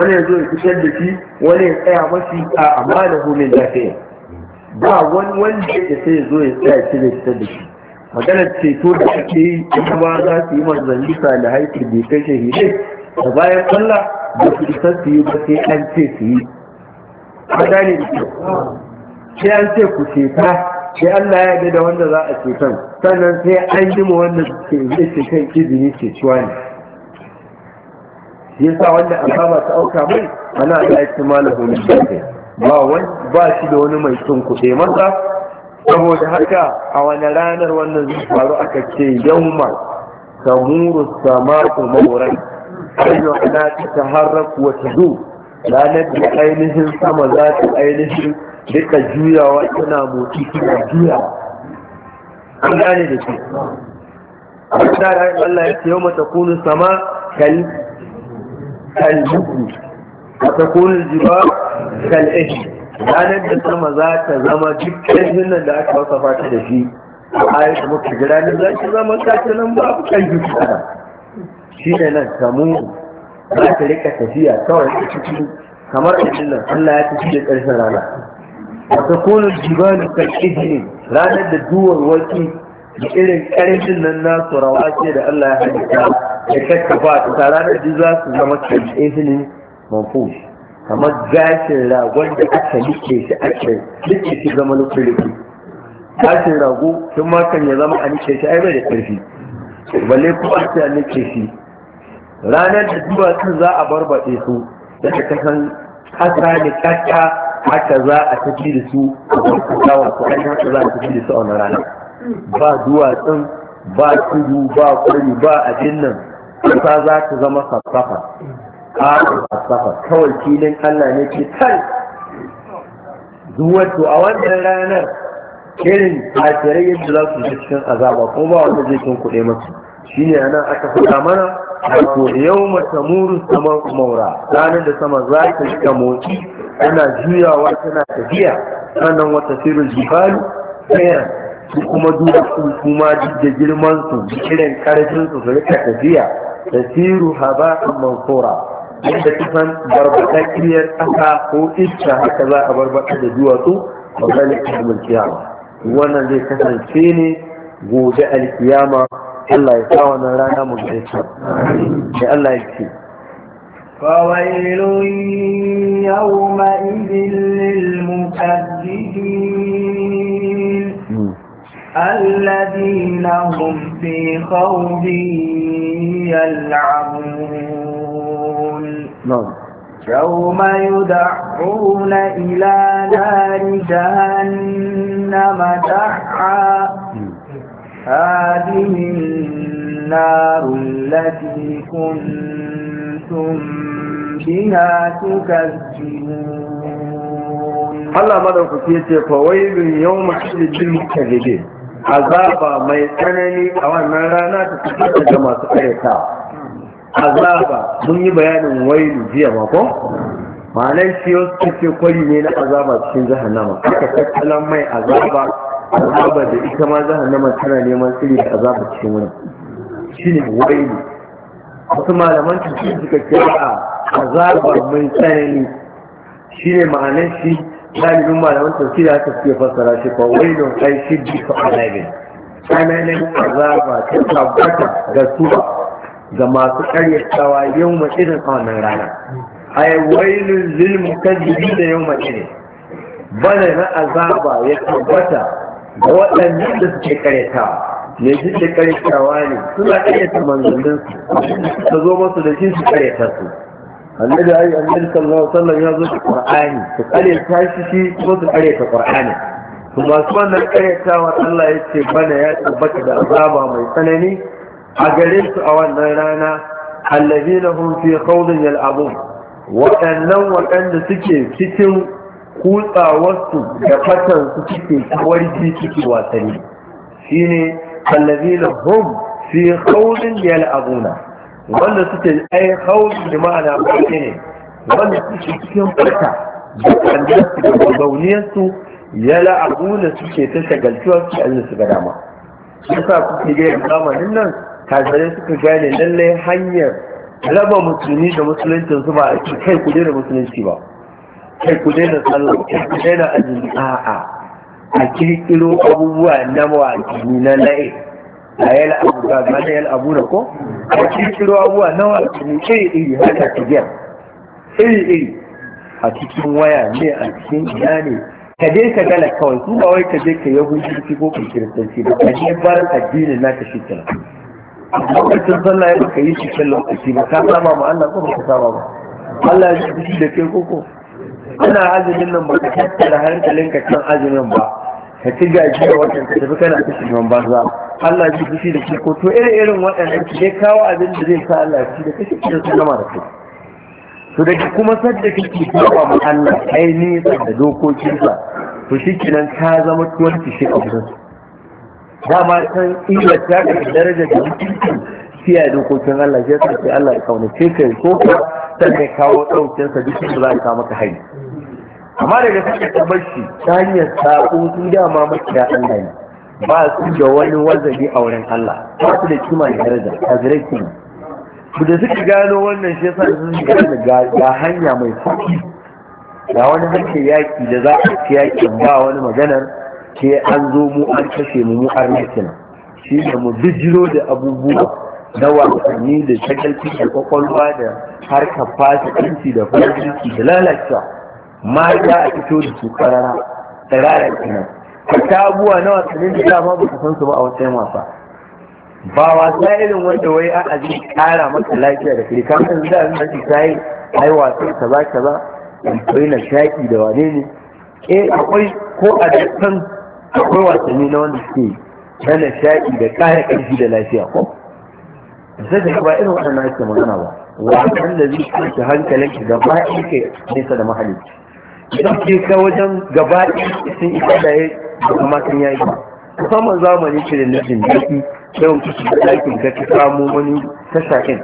wani ya zo ya fitar da shi wani ya tsaya mafi a amma da homin lafiya ba wani wanda ya sai ya zo ya tsaya shi zai fitar da shi ce ceto da ake yi kuma za su yi manzanni da su da kai shahide da bayan kwalla da su isa su yi ba sai an ce su yi a gane da kyau sai an ce ku ceta sai Allah ya ga da wanda za a ceton sannan sai an yi ma wanda ce ceton izini cetuwa ne yasa wanda azaba ta auka mai ana Allah ya ci malahu min ba wani ba shi da wani mai tun kuɗe masa saboda haka a wani ranar wannan zai faru aka ce yawma tamuru sama'u mawran ayyu ana taharraku wa tadu ranar da ainihin sama za ta ainihin duka juyawa tana motsi tana juyawa an gane da shi Allah ya ce yau mata kunu sama kal kaljuku wata takunin jiba kal'ahi ranar da sama za ta zama dukkan jinnan da aka wasa fata da shi a ayat muka ji ranar za ta zama sace nan babu kaljuku a shi ne nan samu za ta rika tafiya kawai a ciki. kamar a jinnan allah ya tafi da ƙarshen rana a takunin jiba kal'ahi ranar da duwar wakil da irin nan na rawa ce da Allah ya halitta da kakkafa ta tara da ji za su zama kalifinin mafu kamar gashin ragon da aka nike shi ake nike shi zama lukuliki gashin rago tun makon ya zama a nike shi ai bai da ƙarfi balle kuma a nike shi ranar da duwatsun za a barbaɗe su da ta kasan ƙasa da ƙasa haka za a tafi da su a kwanci kawai haka za a tafi da su a wani ranar ba duwatsun ba tudu ba kuri ba abin nan ta za ta zama sassafa sassafa kawai filin allah ne ke kai duwatsu a wannan ranar irin kafirai yadda za su cikin azaba ko ba wanda zai cin kuɗe masu Shi shine anan aka fi mana Yau mata muru sama maura ranar da sama za ta ka motsi tana juyawa tana tafiya sannan wata firin jibalu ɗaya su kuma duba su kuma da girman su kiran karfin su su rika tafiya da siru haba mansura yadda kusan barbaɗaɗɗiyar ƙasa ko iska haka za a barbaɗa da duwatsu a zalika da wannan zai kasance ne gobe alkiyama Allah ya sa wannan rana mu ga ita sai Allah ya ce فويل يومئذ للمكذبين الذين هم في خوض يلعبون نعم يوم يدعون إلى نار جهنم دعا هذه النار التي كنتم بها تكذبون الله مدعوك يتقويل يوم حدد المكذبين azaba mai tsanani a wannan rana ta tafi ga masu ayyata. azaba mun yi bayanin wailu jiya mako ma'anar shi wasu ce kwari ne na azaba cikin jahannama aka tattalin mai azaba azaba da ita ma jahannama tana neman tsiri da azaba cikin wani shi ne wailu wasu malaman cikin suka kira azaba mai tsanani shi ne ma'anar shi galibin malaman da haka fiye fassara shi wai don kai shiddi fa alabin tsananin azaba ta tabbata ga su ga masu karyatawa yau ma irin a wannan rana ai wailun lil mukazzibi da yau ma irin bana na azaba ya tabbata ga waɗannan da suke karyatawa ne shi da karyatawa ne suna karyata manzanninsu su zo masu da shi su karyata su annabi ayi annabi sallallahu alaihi wasallam ya zo da qur'ani to kare ta shi ko kuma su kare ta qur'ani to masu wannan wa Allah ya ce bana ya tabbata da azaba mai tsanani a gare su a wannan rana allazina hum fi khawdin yal'abun waɗannan waɗanda suke cikin kutsawarsu da fatan su suke kawarji suke wasanni shine allazina hum fi khawdin yal'abuna wanda suke ai hauli da ma'ana barke ne wanda suke cikin farka da kandiyarsu da gauniyarsu ya da suke ta shagaltuwa su an su ga dama sa kuke ga zamanin nan kajare suka gane lallai hanyar raba musulmi da musuluncin su ba a ce kai ku daina musulunci ba kai ku daina sallah kai ku daina ajiyar a'a a kirkiro abubuwa na mawaki na la'i a yi al'abu ga gane yi al'abu da ko a cikin abuwa nawa ne iri iri haka tijiyar iri iri a cikin waya ne a cikin ina ne ka je ka gala kawai su ba wai ka je ka yahudanci ko ka kiristanci ba ka je bar addinin ka shi kenan lokacin sallah ya ka yi cikin lokaci ba ka saba ma Allah ko ba ka saba ba Allah ya ji shi da kai ko ana azumin nan ba ka tattara hankalinka kan azumin ba ka ci gaji da ka tafi kana ta shigan banza Allah ji fushi da ke ko to irin irin waɗannan ki dai kawo abin da zai sa Allah ci da kake kiran su gama da kai to da kuma sadda kake kawo mu Allah kai ne da dokokin sa to shikenan ka zama tuwon ki shi a gurin dama san iya ta ka daraja da mutunci kiyaye dokokin Allah ya ka ce Allah ya kaunace kai ko ka sannan kawo daukin sa duk da za ka maka hari amma daga kake tabbaci ta hanyar sako su dama maka ya Allah ne ba su da wani wazabi a wurin Allah ba su da kima da daraja a ziraki su da suka gano wannan shi yasa sun gano ga hanya mai sauki ga wani hanyar yaki da za a ci yakin ba wani maganar ke an zo mu an kashe mu mu an rikin shi ne mu bijiro da abubuwa na wasanni da shagalci da kwakwalwa da harkar fasikanci da fasikanci da lalacewa mata a fito da su karara tsirara kinan ta abuwa na wasannin da dama ba san su ba a wasan wasa ba wasa irin wanda wai a aji kara maka lafiya da kai kamar yanzu da abin da ta yi ai wasa ba kaza akwai na shaki da wane ne eh akwai ko a dattan akwai wasanni na wanda suke na na shaki da kara karfi da lafiya ko sai da ba irin wannan ake magana ba wasan da zai kanta hankalinki gaba ɗaya ke nesa da mahalli idan ke ka wajen gaba ɗaya sun isa da da kuma sun yayi musamman zamani ce da na sai yawan kusa da ɗakin ka ta samu wani tashakin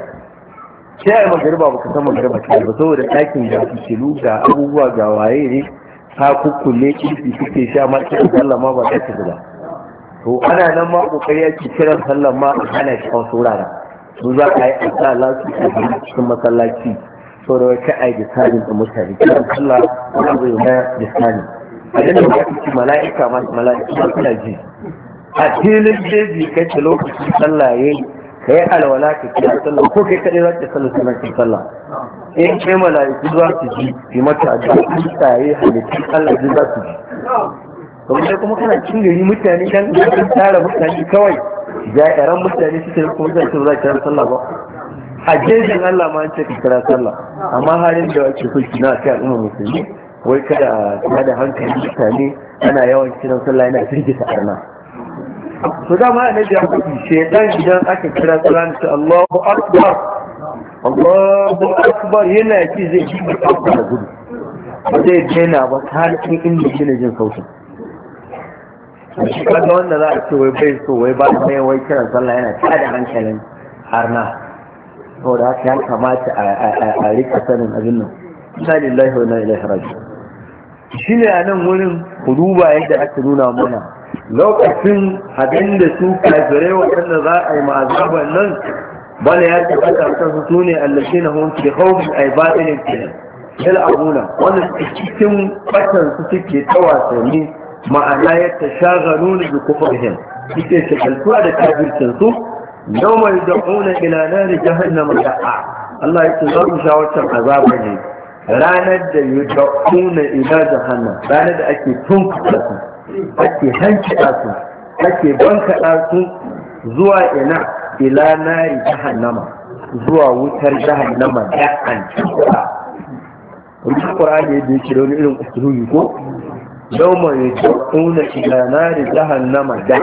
sai a yi magariba ba ka san magariba ce ba saboda ɗakin da su shiru ga abubuwa ga waye ne ta kukkule kifi suke sha ma kiran sallah ma ba ta ci ba to ana nan ma kokari ake kiran sallah ma a hana shi wasu wuraren su za a yi sa lasu a cikin masallaci saboda wai ka a yi da mutane kiran sallah wani abu ne na da a da, ba ku ci mala'ika masu mala'ika suna ji a filin jeji kai ta lokacin sallah ya yi ka yi alwala ka kira sallah ko kai kaɗai za ka sallah suna kin sallah in kai mala'iku za su ji su mata a dukkan tsaye halittun allah ji za su ji kuma sai kuma kana cin gari mutane dan kan tara mutane kawai jayaran mutane suke da kuma zai za ka sallah ba a jejin allah ma an ce ka kira sallah amma halin da ake so kina kai al'umma musulmi wai kada kada hankali mutane ana yawan kiran sallah yana firgita arna su dama a nabi abu shedan idan aka kira sallah ta Allahu akbar Allahu akbar yana ci zai ji da gudu ba zai daina ba har in inda kina jin sautin kaga wanda za a ce wai bai so wai ba mai wai kiran sallah yana tada hankalin arna saboda haka ya kamata a rika sanin abin nan inna lillahi wa inna ilaihi raji'un shi ne a nan wurin huduba yadda aka nuna mana lokacin abinda da su kafirai waɗanda za a yi ma'azaban nan bala ya ce aka san su ne allafi na hun ke haufin a baɗinin kenan yal abuna wanda cikin batan su suke ta wasanni ma'ana yadda shagaru ne da kufarhin suke shagaltuwa da kafircin su yau mai da'una ila nari jahannama da'a Allah ya ce za mu sha waccan azaba ne ranar da yi da'una ila hana ranar da ake tunkuta su ake a su ake a su zuwa ina ila nari jahannama zuwa wutar jahannama da an tunkuta wani kurani da yake da wani irin yi ko yawma yi da'una ila nari jahannama da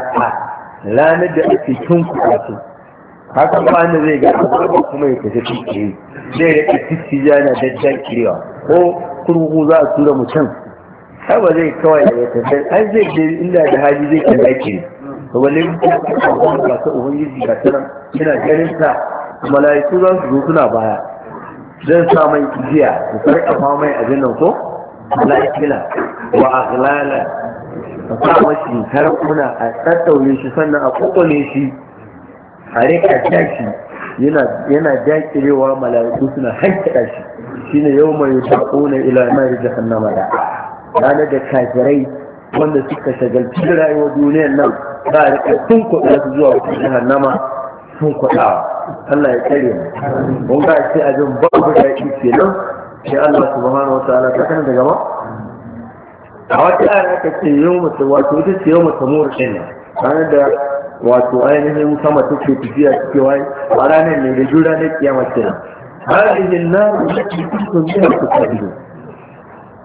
ranar da ake tunkuta su haka ba wanda zai ga abubuwa kuma ya tafi cikin zai rika titi yana dajjan kirewa ko kurkuku za a tura mutum har ba zai kawai ya tafi an zai je inda da Haji zai kan yake to wale mutum ga ta ubangiji ga ta nan yana ganin ta mala'iku za su zo suna baya zan sa mai jiya su sarƙafa mai abin nan ko la'ikila wa aghlala ka sa mashi tarkuna a tsattaure shi sannan a kokole shi a rika tashi yana dakirewa mala'iku suna hankada shi shine yau mai taƙona ila mai jahannama da ranar da kafirai wanda suka shagalci da rayuwa duniyar nan ba a rika tun kuɗa su zuwa wata jahannama tun kuɗa Allah ya tsare mu kun ga ce abin ba babu da yake kenan sai Allah subhanahu wataala ta kana daga ba a wata ayar aka ce yau mutum wato ita ce yau mutum murɗin ranar da wato ainihin sama take tafiya take waye a ranar ne da jura ne kiyama kenan hadihin na yake cikin biya su kafiru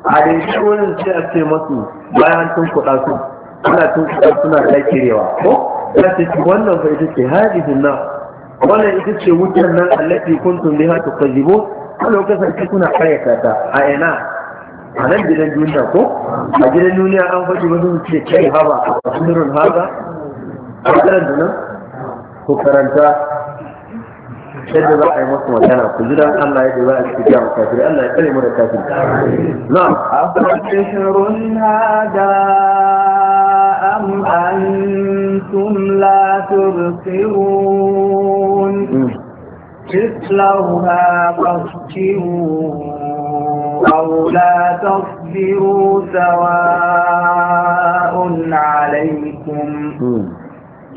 a daidai wurin sai a ce masu bayan tun kuɗa su ana tun kuɗa suna ɗakirewa ko za ce wannan fa ita ce hadihin na wannan ita ce wutan nan allafi kuntum biha tukazzibu kuma kasance kuna karyata ta a ina a nan gidan duniya ko a gidan duniya an faɗi wani ce kai haba a kasirin haza an karanta nan ku karanta yadda za a yi masu magana ku ji dan Allah yadda za a ci ga mu kafiri Allah ya tsare mu da kafiri na'am afashirun hada am antum la tubsirun مثلها فاصبروا أو لا تصبروا سواء عليكم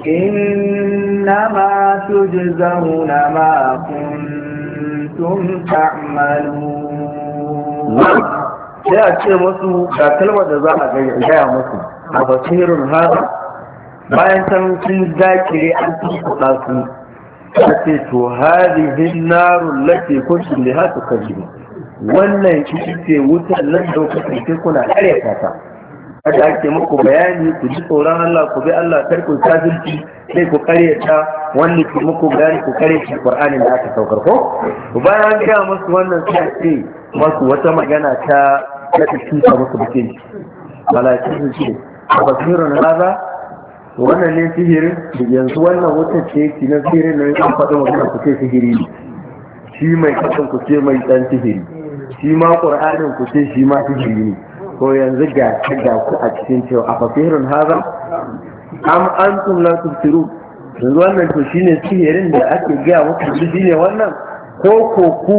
إنما تجزون ما كنتم تعملون sai a ce masu ga kalmar da za a gaya masu a basirin hada bayan can sun zakire an tunkuɗa su ta ce to hadihin narun lafi kuntun da hatu kajibu wannan ita ce wutar nan da kuka kuna karyata ta kada ake muku bayani ku ji tsoron Allah ku bi Allah kar ku kafirci sai ku karyata wannan ke muku bayani ku karyata Qur'ani da aka saukar ko ku bayan ga musu wannan sai ce musu wata magana ta ta tsika musu bikin malaiku su ce basirun hada wannan ne sihirin yanzu wannan wata ce ki na sihirin ne an faɗi magana ku ce sihiri ne shi mai kasan ku ce mai dan sihiri shi ma Qur'anin ku ce shi ma sihiri ne ko yanzu ga ga ku a cikin cewa a fasihirun haza am antum la tubsiru yanzu wannan to shine sihirin da ake gaya muku shine wannan ko ko ku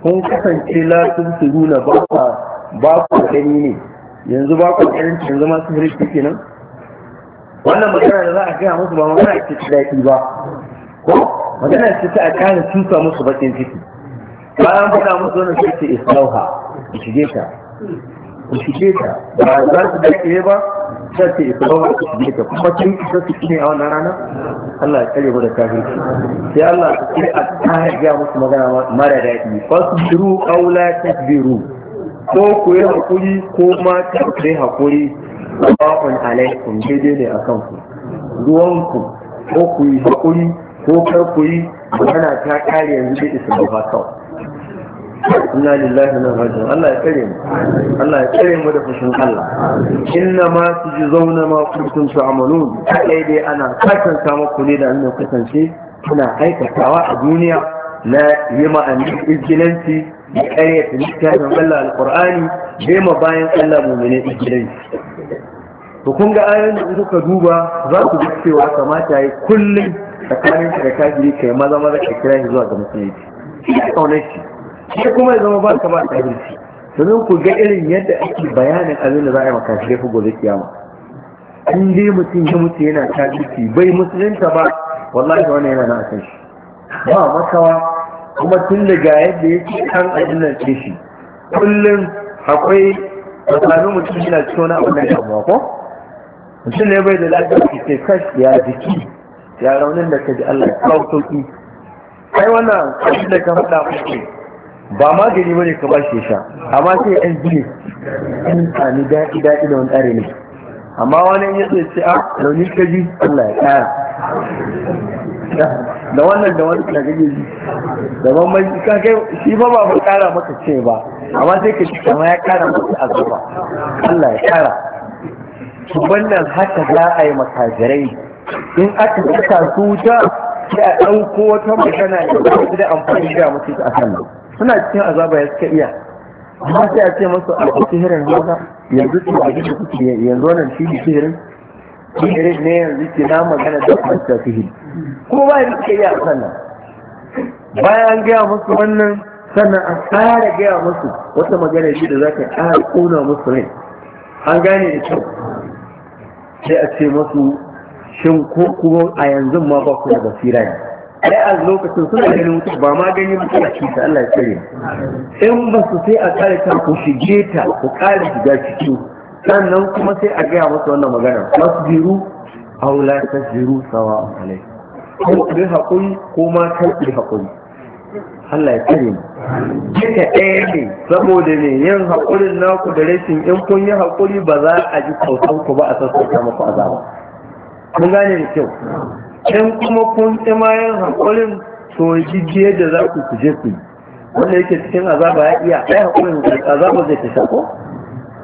kun kasance la tubsiru na ba ba ku gani ne yanzu ba ku ganin yanzu ma sihirin kike nan wannan magana da za a gaya musu ba magana ce ta daɗi ba ko magana ce ta a kana tusa musu bakin ciki bayan faɗa musu wannan sai ce islauha ki shige ta ku shige ta ba za su daƙe ba ta ce ita ba ku shige ta kuma sun isa su ne a wannan rana Allah ya kare mu da kafirci sai Allah ya ce a tsaya ga musu magana mara daɗi fasbiru qawla tasbiru ko ku yi hakuri ko ma ku yi hakuri sawa'un alaikum daidai ne akan ku ruwanku ko ku yi hakuri ko kar ku yi magana ta kare yanzu da isa ba kawai inna lillahi wa inna Allah ya kare mu Allah ya kare mu da fushin Allah inna ma tujzauna ma kuntum ta'malun kai dai ana kasan samu ku ne da annabi kasance kuna aikatawa a duniya na yi ma'anin izgilanci da ƙaryata littafin Allah alƙur'ani da ma bayan Allah mummunan izgilanci to kun ga ayoyin da kuka duba za ku ga cewa kamata ya yi kullum tsakanin da kafiri kai maza maza ka kira shi zuwa ga musulunci shi kaunar shi sai kuma ya zama ba ka ba abinci domin ku ga irin yadda ake bayanin abin da za a yi maka shirya fi gobe kiyama in dai mutum ya mutu yana kafirci bai musulunta ba wallahi wani yana na kan shi ba makawa kuma tun da ga yadda yake kan ajinan ce shi kullum akwai tsakanin mutum yana ciwo na abin da ya damuwa ko mutum ne bai da lafiya ke ce kash ya jiki ya raunin da ka ji Allah ya kawo sauki kai wannan abin da ka faɗa mutum ba magani bane ka ba shi sha amma sai yan jini in sami daɗi daɗi da wani tsare ne amma wani ya ce ce a ah, launin ka ji Allah ya ƙara da wannan da wani ka gaje ji da bambanci ka kai shi ba ba kara maka ce ba amma sai ka ci kama ya ƙara maka a gaba Allah ya ƙara wannan haka za a yi makajirai in aka ɗauka su wuta sai a ɗauko wata magana ya ba su da amfani da musu a kan suna cikin azaba ya suka iya amma sai a ce masu a ku sihirin hausa yanzu su a gida kuke yanzu wannan shi ne sihirin sihirin ne yanzu ke na magana da kuma ta sihiri kuma ba yadda suka iya a sannan bayan gaya musu wannan sannan a tsara gaya musu wata magana shi da za ka ƙara ƙona musu rai an gane da kyau sai a ce masu shin ko kuma a yanzu ma ba ku da basira ne dai a lokacin suna ganin wuta ba ma gani mutum a da Allah ya tsare in ba su sai a kare ta ku shige ta ku kare shiga ciki sannan kuma sai a gaya masa wannan magana masjiru aw la tasjiru a alai ko ku hakuri ko ma kai ku hakuri Allah ya tsare mu duka ɗaya ne saboda ne yin haƙurin naku da rashin in kun yi haƙuri ba za a ji kautan ku ba a sassauta muku azaba mun gane da kyau in kuma kun mayar hankulin to jijiyar da za ku kuje ku wanda yake cikin azaba ya iya ai hakurin azaba zai ta shako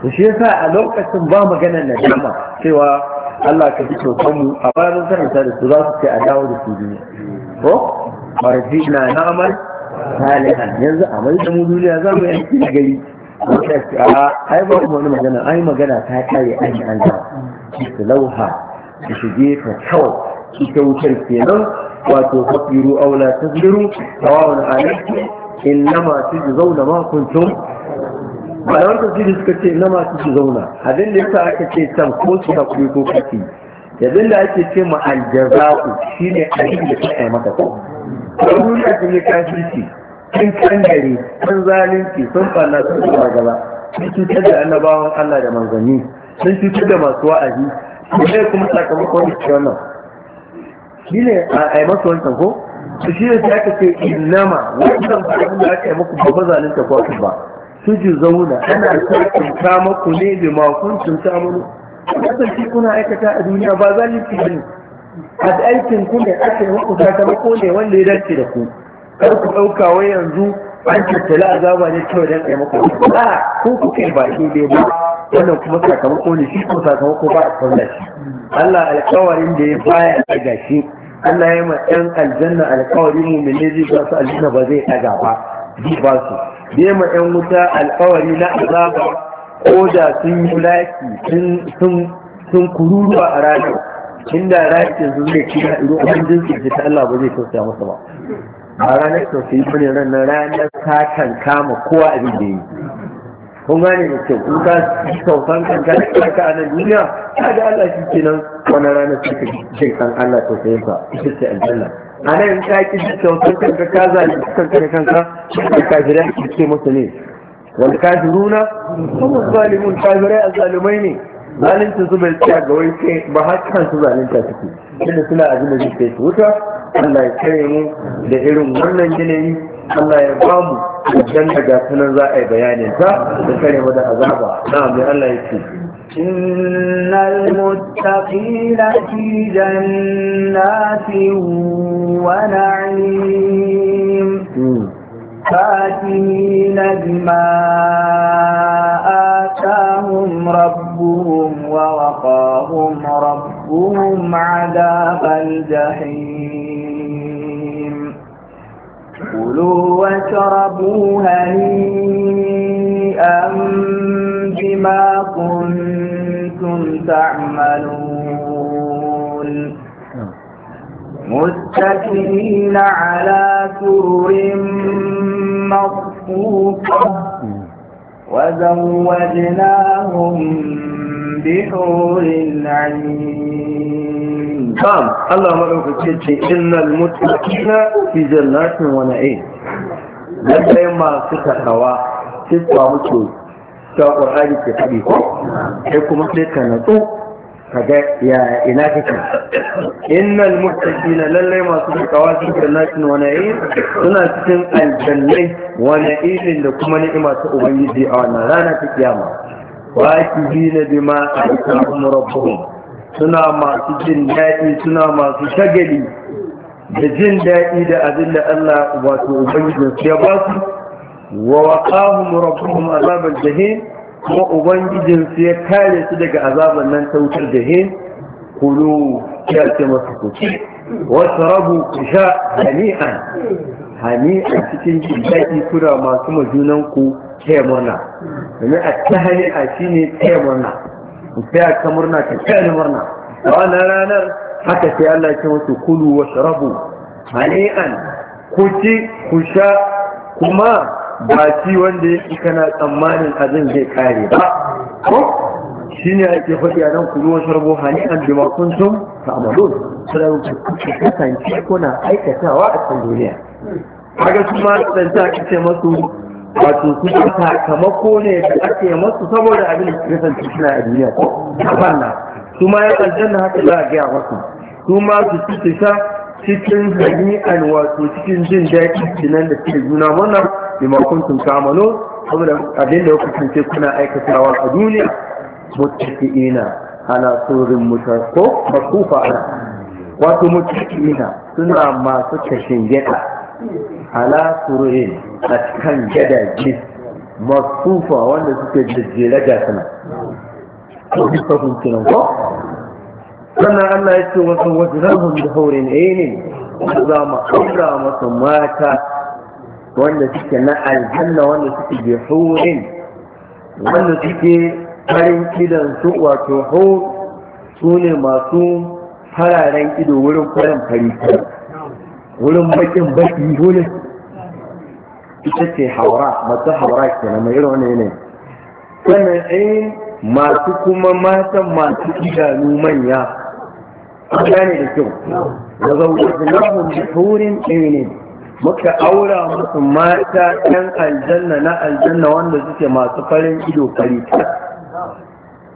to shi yasa a lokacin ba magana na dama cewa Allah ka ji tokon mu a bayan karanta da su za su ce a dawo da su duniya ko marji na na'amal salihan yanzu a mai mu duniya za mu yanki da gari a ai ba mu wani magana ai magana ta kare ai an su lauha da shige ta kyau ita wutar kenan wato fafiru aula ta wani ziru in na masu tujzauna ma kuntum ba da wannan sirri suka ce na innama zauna? abin da yasa aka ce can ko su hakuri ko kafi yanzu da ake ce ma aljaza'u shine abin da kai maka ko kuma da kuma kafirci sun kangare sun zalunci sun fana sun gaba gaba sun cutar da annabawan Allah da manzanni sun cutar da masu wa'azi sai kuma sakamakon da ke wannan shi ne a yi wancan ko su shi ne aka ce inama wancan abin da aka yi muku ba mazalin ta kwaku ba su ji zauna ana sarkin kama maku ne da makuncin samun kasance kuna aikata a duniya ba zalunci ba ne a aikin ku ne aka yi muku sakamako ne wanda ya dace da ku kar ku ɗauka wai yanzu an tattala azaba ne kawai don tsaye maka a ko kuka yi baki ne ba wannan kuma sakamako ne shi ko sakamako ba a kwanza shi Allah alkawarin da ya baya a gashi Allah ya ma ɗan aljanna alkawari ne zai ba su aljanna ba zai ɗaga ba zai ba su zai ma ɗan wuta alkawari na azaba ko da sun yi laki sun kururuwa a ranar inda rakin su zai kira iro abin jinsu ta Allah ba zai tausaya masa ba A ranar tausayi ba na ranar ta kakan kama kowa abin da yi kun gane da kyau in ka tausan kanka da kanka a nan duniya ta da Allah shi nan wani ranar sai ka jin kan Allah tausayin sa shi ce aljanna a nan in ka ki tausan kanka ka zalunci kanka da kanka shi ka jira ki ce musu ne wani kafiruna kuma zalimun kafirai a zalumai ne zalunci su bai ga wani kai ba har kansu zalunta suke inda suna abin da suke su wuta Allah ya kare mu da irin wannan yanayi Allah ya ba mu idan daga sunan za a yi bayanin ta da kare mu da azaba na mai Allah ya ce muttaqina fi في wa na'im hmm. fatina bima جزاهم رَبُّهُمْ وَوَقَاهُمْ رَبُّهُمْ عَذَابَ الْجَحِيمِ كُلُوا وَاشْرَبُوا هَنِيئًا بِمَا كُنتُمْ تَعْمَلُونَ مُتَّكِئِينَ عَلَى سُرُرٍ مَّصْفُوفَةٍ وزوجناهم بحور عين قام الله مدوك كيتشي إن المتقين في جنات ونعيم لكي ما ستحوا ستحوا مكتوب ta ƙwarari ke faɗi ko sai kuma sai ka natsu kaga ya ina kake innal muttaqina lallai masu takawa sun jannatin wa na'im suna cikin aljannai wa na'imin da kuma ni'ima ta ubangiji a wannan rana ta kiyama wa kibina bima atahum rabbuhum suna masu jin daɗi suna masu shagali da jin daɗi da abin da Allah wato ubangijinsu ya ba su wa waqahum rabbuhum azabal jahim kuma ubangijin su ya kare su daga azaban nan ta wutar hin kulu ya ce masu kuci wasu rabu ku sha hani'an hani'an cikin jin daɗi kuna masu majunan ku taya murna domin a ta hani'a shi ne taya murna ta taya ka murna ka taya murna a wannan ranar haka sai Allah ya ce masu kulu wasu rabu hani'an ku ci kuma baki wanda ya ƙi kana tsammanin abin zai kare ba ko shi ne ake faɗi a nan wasu rabo hani an bima kuntum ta su amalun suna kuka kasance kuna aikatawa a cikin duniya kaga su ma dan ta kace masu wato su sakamako ne da ake masu saboda abin da kasance suna a duniya ko abanna su ma ya aljanna haka za a gaya masu su ma su ci su cikin hanyar wato cikin jin daɗi nan da suke juna wannan bima kuntum ta'malu saboda abin da kuka kasance kuna aikatawa a duniya muttaqiina ala surin mutako makufa wato muttaqiina suna masu kashin gida ala surin a kan ji makufa wanda suke jejjere ga sana ko bisa hunkinan ko sannan Allah ya ce wasu wasu zarhun da haurin ainin za mu aura masa mata wanda suke na aljanna wanda suke bi hurin wanda suke farin kidan su wato hur su ne masu fararen ido wurin farin fari wurin bakin baki wurin ita ce haura masu haura ke na mai irin ne sannan ɗayin eh, masu kuma matan masu idanu manya an gane da kyau da zaune da lahun da hurin ɗaya eh ne muka aura musu mata ɗan aljanna na aljanna wanda suke masu farin ido fari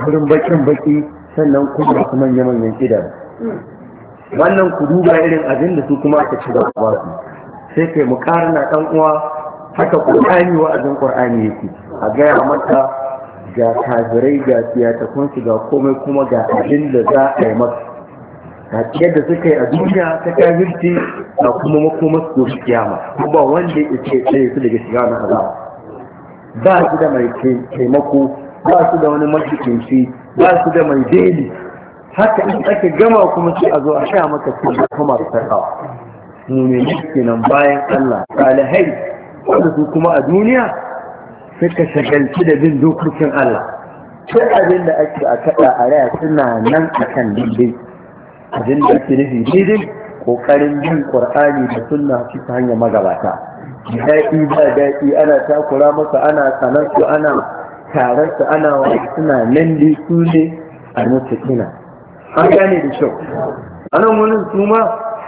wurin bakin baki sannan kuma su manya manyan idan wannan ku duba irin abin da su kuma aka ci gaba su sai kai mu karna ɗan uwa haka qur'ani wa'azin qur'ani yake a gaya mata ga kafirai ga siyatakun su ga komai kuma ga abin da za a yi masa kaciyar da suka yi a duniya ta kafirci na kuma makomar su gobe kiyama ba wanda ya ce tsaye su daga shiga na azab ba su da mai taimako ba su da wani mashikinci ba su da mai daili haka in aka gama kuma sai a zo a sha maka su da kuma da sarkawa mumini bayan Allah salihai wanda su kuma a duniya suka shagalci da bin dokokin Allah sai abin da ake a kaɗa a raya suna nan a kan dindin abin da ake nufi daidai kokarin bin qur'ani da sunna ta hanyar magabata daɗi ba daɗi ana takura masa ana tsanarsu ana tararsu ana wani suna nan da su ne a mutakina an gane da kyau anan wani su ma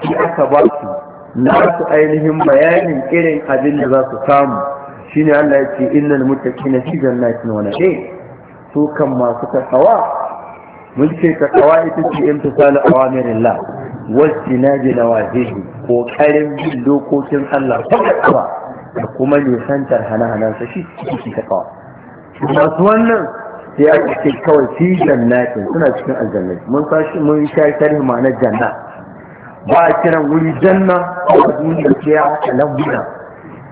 shi aka ba su na su ainihin bayanin irin abin da za su samu shine Allah ya ce innal mutakina fi jannatin wa na'im su kan masu kasawa? mun ce ka kawa ita ce imtisal awamirillah wasu naji na wazihi kokarin bin dokokin Allah kuma da kuma nisantar hana-hanansa shi shi ta kawa masu wannan sai aka ce kawai fi jannatin suna cikin aljannati mun sashi mun sha tarihi ma'anar janna ba a kiran wuri janna a duniya sai ya haka lambuna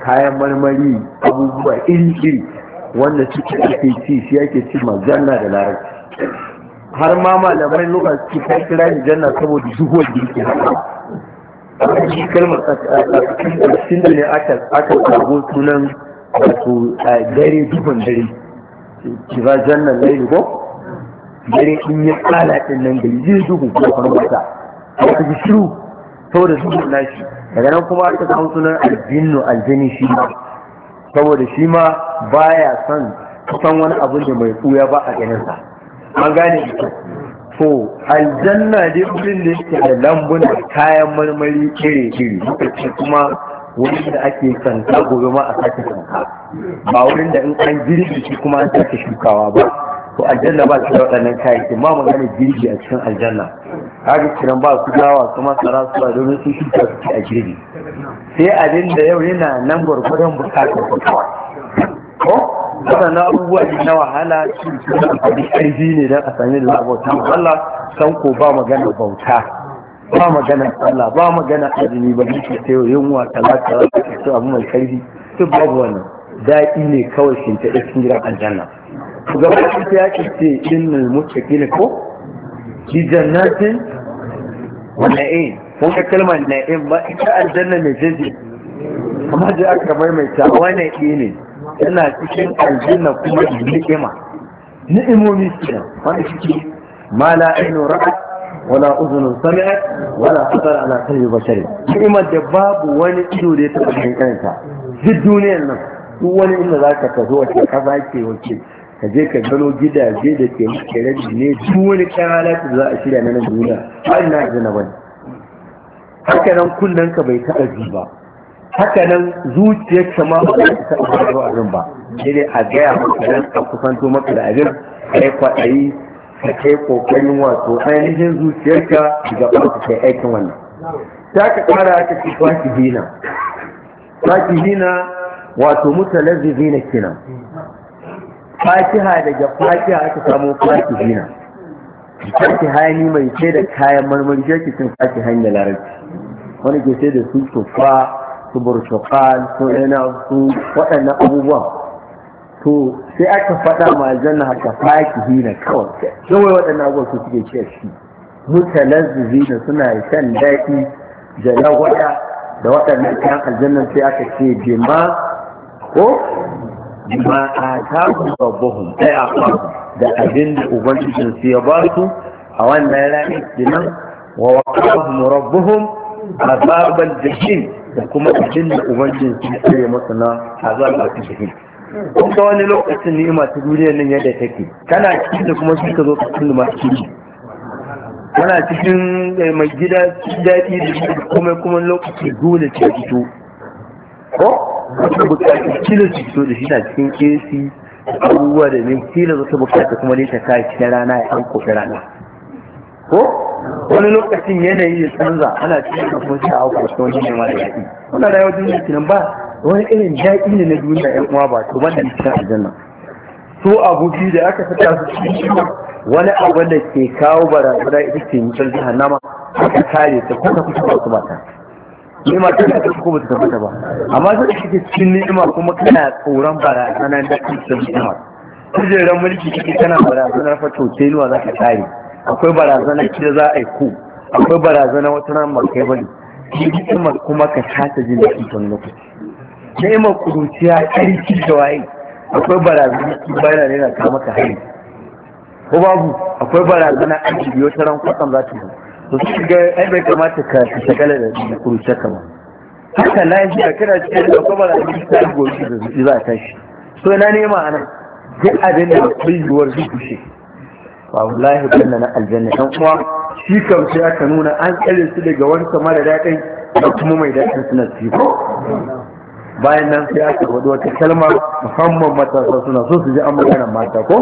kayan marmari abubuwa iri-iri wanda suke ake ci shi ake ci ma janna da larabci har ma malamai lokaci ta kira ni janna saboda zuwa girki haka shi kalmar cikin da ne aka aka tsago sunan wato dare duban dare Ki ba janna laili ko dare in ya tsala din nan gari zai zuwa ko kuma mata aka ji shiru saboda duhun nashi daga nan kuma aka samu sunan aljinnu aljini shi saboda shi ma baya son kusan wani abin da mai tsuya ba a ganin sa an gane ita to aljanna dai wurin da yake da lambuna kayan marmari iri iri lokaci kuma wurin da ake sanka gobe ma a sake sanka ba wurin da in an girbi shi kuma an sake shukawa ba to aljanna ba su da waɗannan kayayyaki ma magana girbi a cikin aljanna kaga kiran ba su dawa kuma masara su ba domin sun shuka su a girbi sai abin da yau yana nan gwargwadon bukatar kawai ko waɗannan abubuwa ne na wahala su suna amfani ƙarfi ne don a sami da za a bauta Allah san ko ba magana bauta ba magana Allah ba magana azumi ba yake sai yunwa talata ta su abu mai ƙarfi duk babu wannan daɗi ne kawai shimfiɗa cikin gidan aljanna gabatar ta yaƙi ce innal muttaqina ko fi jannatin wa na'im kun ga kalmar na'im ba ita aljanna mai jinji amma da aka maimaita wa na'im ne yana cikin aljanna kuma da ni'ima ni'imomi kenan wanda shi ma la ainu ra'at wala uzunun sami'at wala khatar ala qalbi bashari ni'imar da babu wani ido da ya taba ganin kanta duk duniyar nan duk wani inda za ka a ce kaza ke wace ka je ka gano gidaje da ke muke rabi ne duk wani kyanalata za a shirya na nan duniya ba ina na bane haka nan kunnen ka bai taɓa ji ba haka nan zuciyar ma ba za ta taɓa zuwa a ba shi ne a gaya maka nan a to maka da abin kai kwaɗayi ka kai ƙoƙarin wato ainihin zuciyarka ga ɓata kai aikin wannan ta ka ƙara ta ci kwaki hina kwaki hina wato mutalazzi zina kenan fatiha daga fatiha aka samu kwaki hina faki hani mai sai da kayan marmari ke cin faki hani larabci wani ke sai da su tufa su burtukal su ina su waɗannan abubuwan to sai aka faɗa ma aljanna haka faki hina kawai kawai waɗannan abubuwan su suke ce shi mutalazzi da suna shan daɗi da lagwada da waɗannan kayan aljannan sai aka ce jima ko bima a tabu babbahun ɗaya a da abin da ubangijinsu ya ba su a wannan ranar dinan wa waƙarahum rabbuhum azaban jahim da kuma abin da ubangiji ya tsare masa na azaban jahim kun ga wani lokacin ni'ima masu duniyar nan yadda take kana cikin da kuma suka zo ka da masu ciki kana cikin eh, mai gida daɗi da shi kuma kuma lokacin dole ce fito ko wata bukatar kila su fito da shi na cikin kesi abubuwa da ne kila wata bukata kuma ne ta kai cikin rana ya an kofi rana ko wani lokacin yanayi ya canza ana cikin kafin shi a hauka shi wani nema da yaƙi wannan rayuwar duniya kenan ba wani irin yaƙi ne na duniya ƴan uwa ba to wannan cikin aljanna su abu biyu da aka saka su cikin wani abu da ke kawo barazana ita ce mutar jahannama aka kare ta kuma kusa ba su mata Nema ta ta ko ba ta tabbata ba amma sai ke cikin ni'ima kuma kana tsoron barazana da kake cikin ni'ima kujerar mulki kike kana barazanar fatotenuwa za ka tare akwai barazana ki za a yi ku akwai barazana wata ran ba bane ki ni'imar kuma ka tata jin daɗin ta lokaci ma kuruciya ki da waye akwai barazana ki bayana ne na kama ka hari ko babu akwai barazana a ji biyo ran kwatsam za ta yi to su ga ai bai kamata ka shagala da kuruciya kama haka na lafiya kana cikin akwai barazana ta gobe da zuci za a tashi so na nema a nan duk abin da akwai yiwuwar zuci ba wallahi kana na aljanna dan uwa shi kam sai aka nuna an kare su daga wanka mara dadi da kuma mai daɗin suna ci bayan nan sai aka wado wata kalma musamman matasa suna so su ji an magana mata ko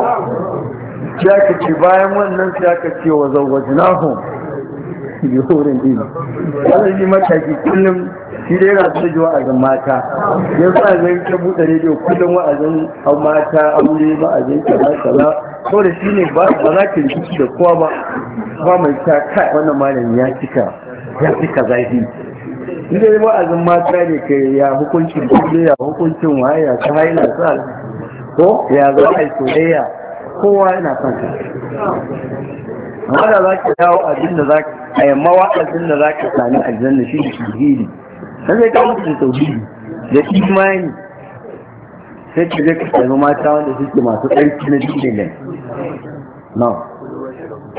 sai aka ce bayan wannan sai aka ce wa zawwajnahum bi hurin din wannan shi mataki kullum shi dai yana so ji wa'azin mata yanzu a zai ta buɗe rediyo kullum wa'azin mata aure wa'azin ta kaza saboda shi ne ba za ka yi da kowa ba ba mai ta kai wannan malami ya cika ya cika zafi inda ya wa'azin mata ne kai ya hukuncin kudu ya hukuncin waya ta haila sa ko ya za a yi soyayya kowa yana son ka amma da za ka dawo abin da za ka a yamma wa'azin da za ka sami da shi da tauhidi sai zai kawo mutum tauhidi da imani sai ka je ka sami mata wanda suke masu ɗarki na dinin na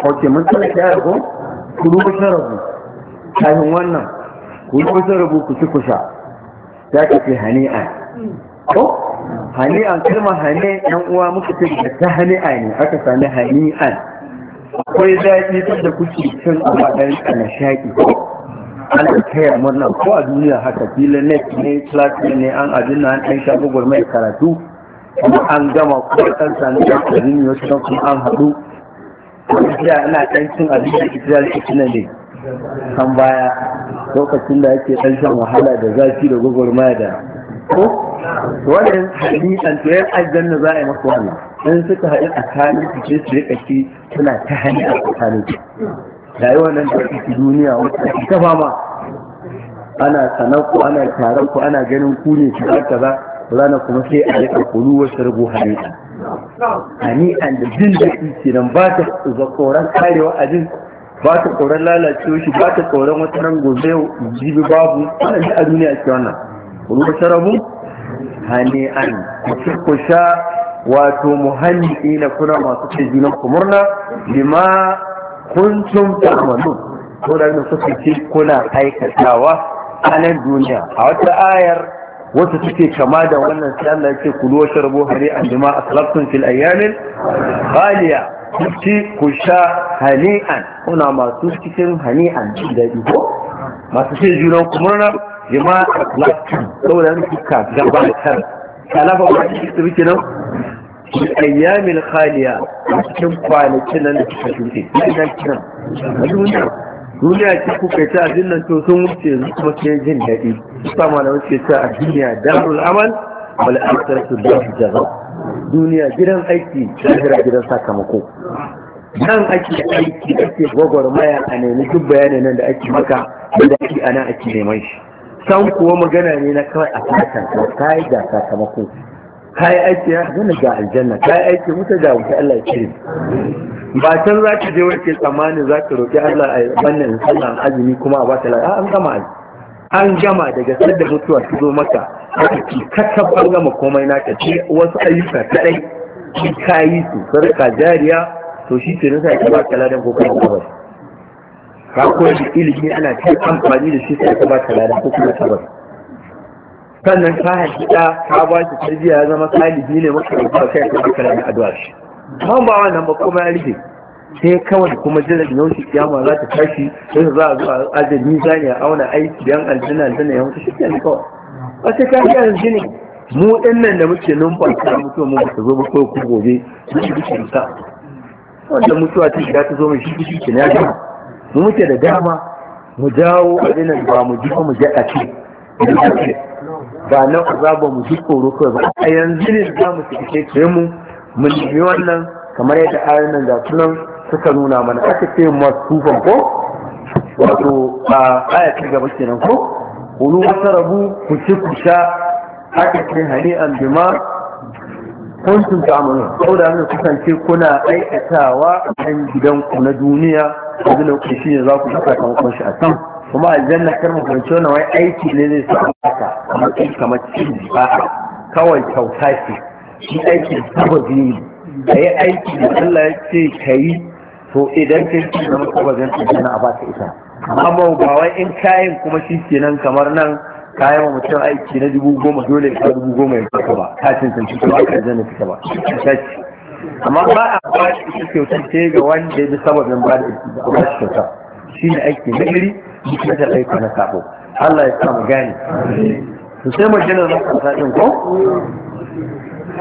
ok mun tsara ta yaro ku rubu rabu, kafin wannan ku rubu rabu ku ci kusa za ka hani'a ko hani'an kalmar hane yan uwa muka ce da ta hani'a ne aka sami hani'an akwai zaɓi tun da kuke cin abu a ɗan shaƙi ko ana taya murna ko a duniya haka filin net ne class ne an abin na an ɗan shafi gurmai karatu kuma an gama kuma kan sami da ne wasu kan kuma an haɗu gaskiya ina ɗancin cin abin da ita da ita ne kan baya lokacin da ake ɗan shan wahala da zafi da gwagwarmaya da ko haɗi hadisan to ajiyar na za a yi masu wannan in suka haɗu tsakanin su ce su rika shi suna ta hanyar a tsakanin su da yi wannan da su duniya wata kafa fama ana sanar ku ana taron ku ana ganin ku ne su ba ranar kuma sai a yi kulu wa shirgu hani'a hani'a da jin daɗi nan ba ta tsoron karewa a jin ba ta tsoron lalacewa shi ba ta tsoron wata ran gobe jibi babu wannan da a duniya ce wannan kulu wa shirgu hani'an kusa sha wato muhalli na kuna masu ce junan kumurna lima kuntum ta'malun ko da kuka ce kuna aikatawa a nan duniya a wata ayar wacce suke kama da wannan sai Allah yake ku lo sharbo hari an jima aslaftum fil ayyamin khaliya kuci ku sha hani'an kuna masu cikin hani'an jin daɗi ko masu cin junan ku jima aslaftum saboda an kuka gabatar talafa ba shi su biki nan fil ayyamin khaliya cikin kwanakin nan da suka shuɗe duniya ce kuka ta abin nan to sun wuce yanzu kuma sai jin daɗi kusa malamai ce ta a duniya darul amal wal akhiratu darul jaza duniya gidan aiki lahira gidan sakamako nan ake aiki ake gwagwarmaya a nemi duk bayanin nan da ake maka da ake ana ake neman shi san kuwa magana ne na kawai a fatan kai da sakamako kayi aiki ya zana ga aljanna kayi aiki wuta ga wuce Allah ya kire ba can za ka je wace tsammanin za ka roƙi Allah a wannan sallan azumi kuma a ba ta lafiya an gama an gama daga sadda mutuwa ta zo maka ka ci an gama komai na ka ce wasu ayyuka kadai ki kayi su sarka jariya to shi ke nasa ya ba ta ladan ko kuma kabar ka koyi ilimi ana cikin amfani da shi sai ka ba ta ladan ko kuma kabar sannan ka haifi ɗa ka ba shi tarbiyya ya zama salihi ne maka rubuta kai ka duka da addu'a shi amma ba wannan ba kuma ya rike sai kawai kuma jiran yau shi kiyama za ta tashi sai za a zo a ajin mizani a auna aiki yan aljanna aljanna ya mutu shi kenan kawai a sai ka ga yanzu ne mu ɗin nan da muke numfasa mutuwa mu ba ta zo ba ko ku gobe mu shi bikin sa wanda mutuwa ta shiga ta zo mai shi shi bikin ya gama mu muke da dama mu jawo a dinan ba mu ji mu ji a ce ba na ba mu ji tsoro kawai ba a yanzu ne za mu cike ce mu mu nemi wannan kamar yadda ayoyin nan ga nan suka nuna mana aka ce tufan ko wato a aya gaba kenan ko wani wata rabu ku ci ku sha aka ce an bima kuntum ta'malun da hannun kusance kuna aikatawa a kan gidanku na duniya ku shi ne za ku saka kan shi a can kuma aljanna kar mu fahimci wannan wai aiki ne zai sa haka kamar kai kamar cin ba kawai kauta ce shi aiki sababi ne ka yi aiki da Allah ya ce ka yi to idan kai ci na maka wajen aljanna a baka ita amma ba wai in kayan kuma shi kenan kamar nan kayan wa mutum aiki na dubu goma dole ka dubu goma ya baka ba ka cin sun cikin ba ka aljanna fita ba amma ba a ba shi kyautar ce ga wanda ya bi sababin ba da kyauta shi ne aiki na gari da da aiki na sabo Allah ya samu gani to sai mu gina na kasa din ko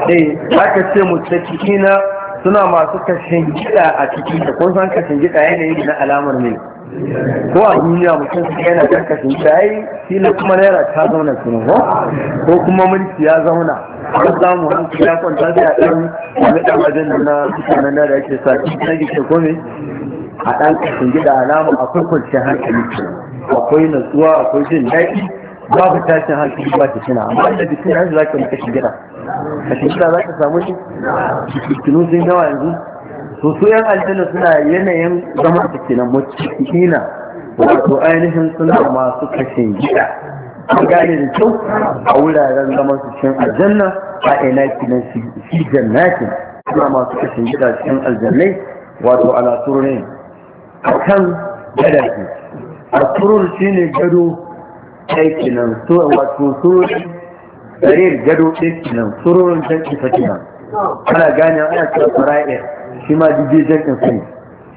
eh haka ce mu ta na suna masu kashin gida a cikin da kun san kashin gida yanayi na alamar ne ko a duniya mutum su yana kan kashin gida ai kuma naira ta zauna kuma ko ko kuma mulki ya zauna ko samu hankali ya kwanta sai a ɗan wani ɗan wajen na na da ake sa cikin na gike ko me a ɗan ƙashin gida alamu a kurkurce hankali ce akwai natsuwa akwai jin daɗi babu tashin hankali ba ta tuna amma da jikin yanzu za ka ƙashin gida ƙashin gida za ka samu shi fitinu sun yawa yanzu to su yan aljanna suna yanayin zaman su kenan mutsina wato ainihin suna masu ƙashin gida an gane da kyau a wuraren zaman su cikin aljanna a ina kinan shi jannatin suna masu ƙashin gida cikin aljannai wato ala turunin a kan gadaki a turur shi ne gado aiki nan wato turur tsarir gado aiki nan sururin jankin saki ana gane ana cewa fara'ir shi ma jijiyar jankin sun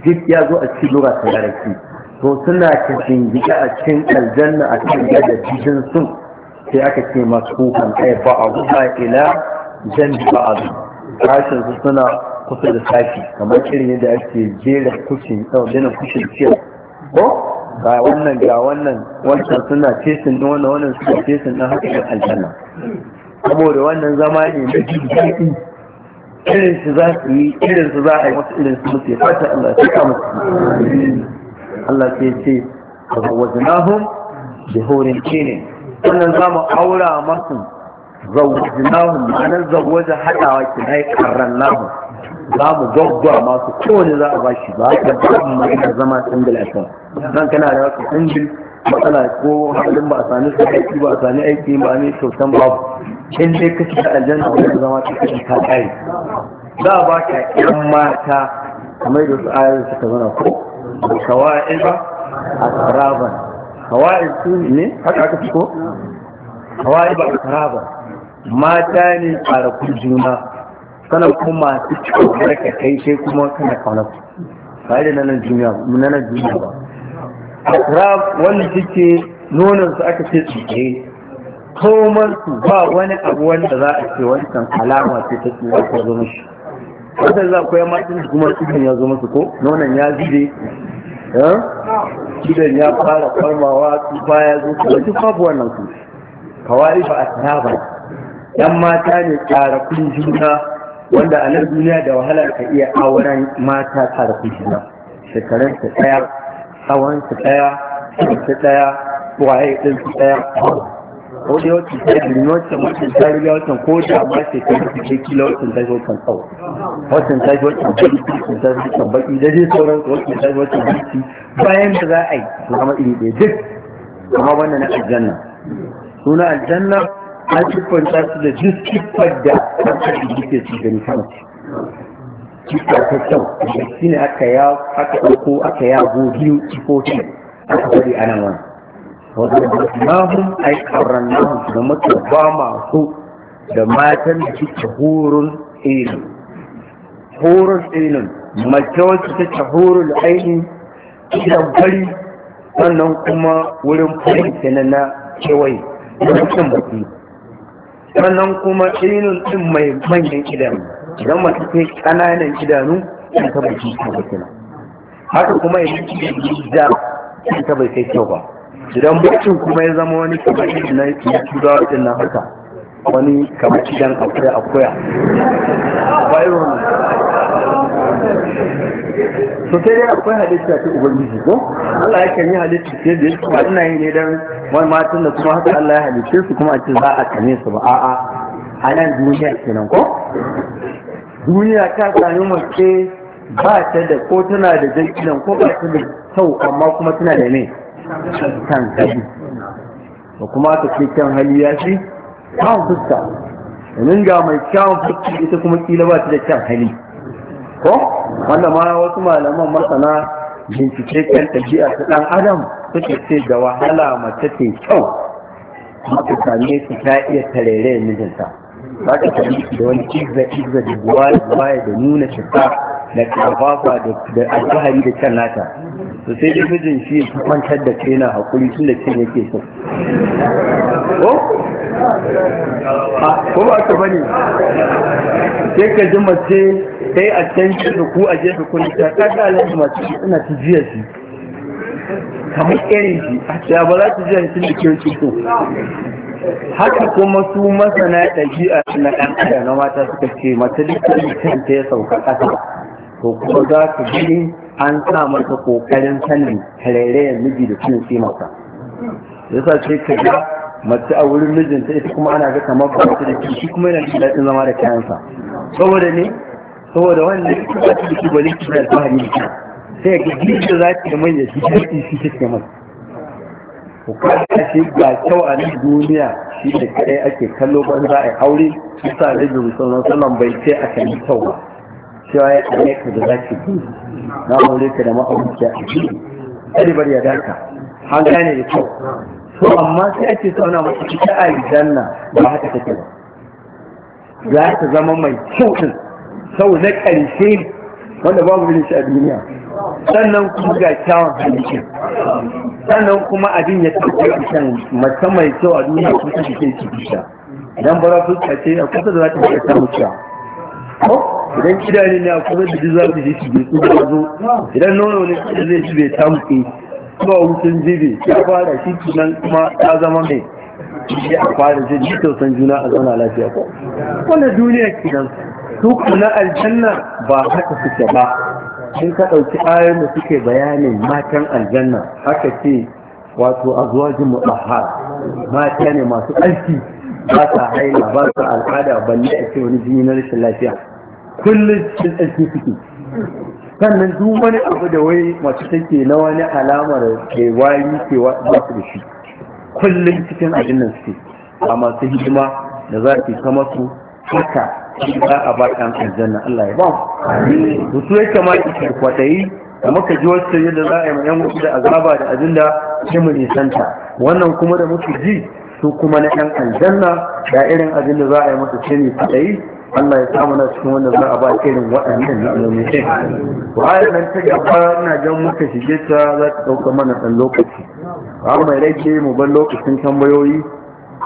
duk ya zo a cikin lura ta yaraki to suna cikin gida a cikin aljanna a cikin gada jijin sun sai aka ce masu kukan kai ba a ila jan ba a su suna kusa da sashi kamar irin yadda ake jera kushin ɗau dina kushin ciyar ko ga wannan ga wannan wancan suna cesin ɗin wannan wannan suna cesin ɗin haka ɗin aljanna saboda wannan zama ne na jin daɗi irin su za su yi irin su za a yi wasu irin su mutu ya fata Allah ya kama su Allah sai ce ka zawajnahum bi hurin kinin wannan za mu aura masu zawajnahum ma'anar zawaja haɗawa kinai karran namu za mu gwaggwa masu kowane za a ba shi ba da ma magana zama single account nan kana da wasu single matsala ko halin ba a sami su aiki ba a sami aiki ba ne to san babu in dai ka shiga aljanna wani zama ta kashi ta kare za a ba ka yan mata kamar da wasu ayoyi suka zana ko kawai ba a tsaraban kawai su ne haka aka fi ko kawai ba a tsaraban mata ne a tsara juna kana kuma masu cikin ka kai sai kuma kana kaunar ba da nanar duniya nanar duniya ba akrab wanda suke nonon su aka ce tsaye komar su ba wani abu wanda za a ce wancan alama ce ta tsira ta zo shi. wanda za ku yi matan kuma cikin ya zo su, ko nonon ya zide eh? idan ya fara farmawa su baya zo su wajen babu wannan su kawai ba a tsara ba yan mata ne tsara kun juna wanda a nan duniya da wahala ka iya auren mata tare juna. shekarun ta daya tsawon ta daya ta daya waye din ta daya ko da wata ta yi wata mutum ta riga wata ko da ma ce ta yi ta kila wata ta yi wata tsawo wata ta yi wata baki ta yi wata baki da dai sauran wata ta yi wata baki bayan da za a yi su zama iri ɗaya duk kuma wannan na aljanna suna aljanna an siffanta su da duk siffar da aka yi su gani sama ce siffar ta kyau da shi ne aka ya aka ɗauko aka ya go biyu siffofin aka faɗi a nan wani wanda na hun ai karan na hun da muka ba masu da matan da suke horon ilin horon ilin mace wacce take horon ainihin gidan fari sannan kuma wurin fari kenan na kewaye wurin kan baki sannan kuma irin ɗin mai manyan idanu idan mace ce ƙananan idanu in taba bai kyau ba kina haka kuma ya ki da in ta bai kai kyau ba idan bakin kuma ya zama wani kamar irin na turawa din na haka wani kamar idan akwai akwai bayan wani to sai dai akwai halitta ta ubangiji ko Allah yakan yi halitta ce da yake ba ina yin ne wani matan da kuma haka Allah ya halitta su kuma a ce za a kame su ba a'a a nan duniya kenan ko duniya ta sami mace ba ta da ko tana da jankinan ko ba ta da sau amma kuma tana da ne kan gabi. da kuma ta ce kan hali ya shi kan fuska domin ga mai kyawun fuska ita kuma kila ba ta da kyan hali ko wanda ma wasu malaman masana bincike kan tabi'a ta dan adam suke ce da wahala mace ce kyau mace same su ta iya tarere mijinta za ka tafi da wani izza izza da buwa da buwa da nuna cika da kafafa da alfahari da can nata to sai da mijin shi ya kwantar da kai na hakuri tun da ce yake so ko ba ka bane sai ka ji mace kai a can da ku a jefa kun ta kaga alaji mace ina ta jiya shi kamar irin shi a ta ba za ta jiya shi da kyau shi ko haka kuma su masana ɗabi'a na ɗan na mata suka ce mace duk ta ya sauka ƙasa to kuma za ta gani an sa masa kokarin sanin halayyar miji da cin kimasa yasa sai ka ga mace a wurin mijinta ita kuma ana ga kamar ba ta da shi kuma yana da daɗin zama da kayansa saboda ne saboda wanda ya kuma ta da shi gwalin kuma da alfahari da shi sai ga gidda za ta mai ya shi daɗi shi take ke mai ku kada shi ga kyau a nan duniya shi da kaɗai ake kallo ban za a yi aure sa da jin sunan sunan bai ce a kan kyau ba cewa ya ɗaya ka da za ki na aure ka da ma'aurata a gudu bari ya daka hanga ne da kyau to amma sai ake sauna cikin ita janna ba haka take ba za ta zama mai kyau din sau na ƙarshe wanda babu irin shi a duniya sannan kuma ga kyawun halittu sannan kuma abin ya tafi a kan mace mai kyau a duniya kuma ta ke ci bisa idan bara fuska ce a kusa da za ta iya samu cewa idan gida ne a kusa da za ta je su bai su zo idan nono ne zai su bai samu ke ba wucin jiri ya fara shi tunan kuma ta zama mai a fara jin ji tausan juna a zauna lafiya ko wanda duniya kinan su kuna aljanna ba haka suke ba in ka ɗauki ayoyin da suke bayanin matan aljanna haka ce wato azwajin mutahhar mata ne masu ƙarfi ba sa haila ba sa al'ada balle a ce wani jini na rashin lafiya kullum cikin tsarki suke sannan duk wani abu da wai mace take na wani alamar ke wayi ke wasu da shi kullum cikin ajinnan suke a masu hidima da za ki kama su haka za a ba ɗan aljanna Allah ya ba mu su ya kamata ki kwaɗayi da muka ji wasu yadda za a yi ma'yan wasu da azaba da abin da nisanta wannan kuma da muke ji su kuma na ɗan aljanna da irin abin da za a yi masa shi ne kwaɗayi Allah ya samu na cikin wanda za a ba irin waɗannan ni'imomi din to ayar nan ta gaba ina jan muka shige ta za ta ɗauka mana ɗan lokaci ba mai rage mu bar lokacin tambayoyi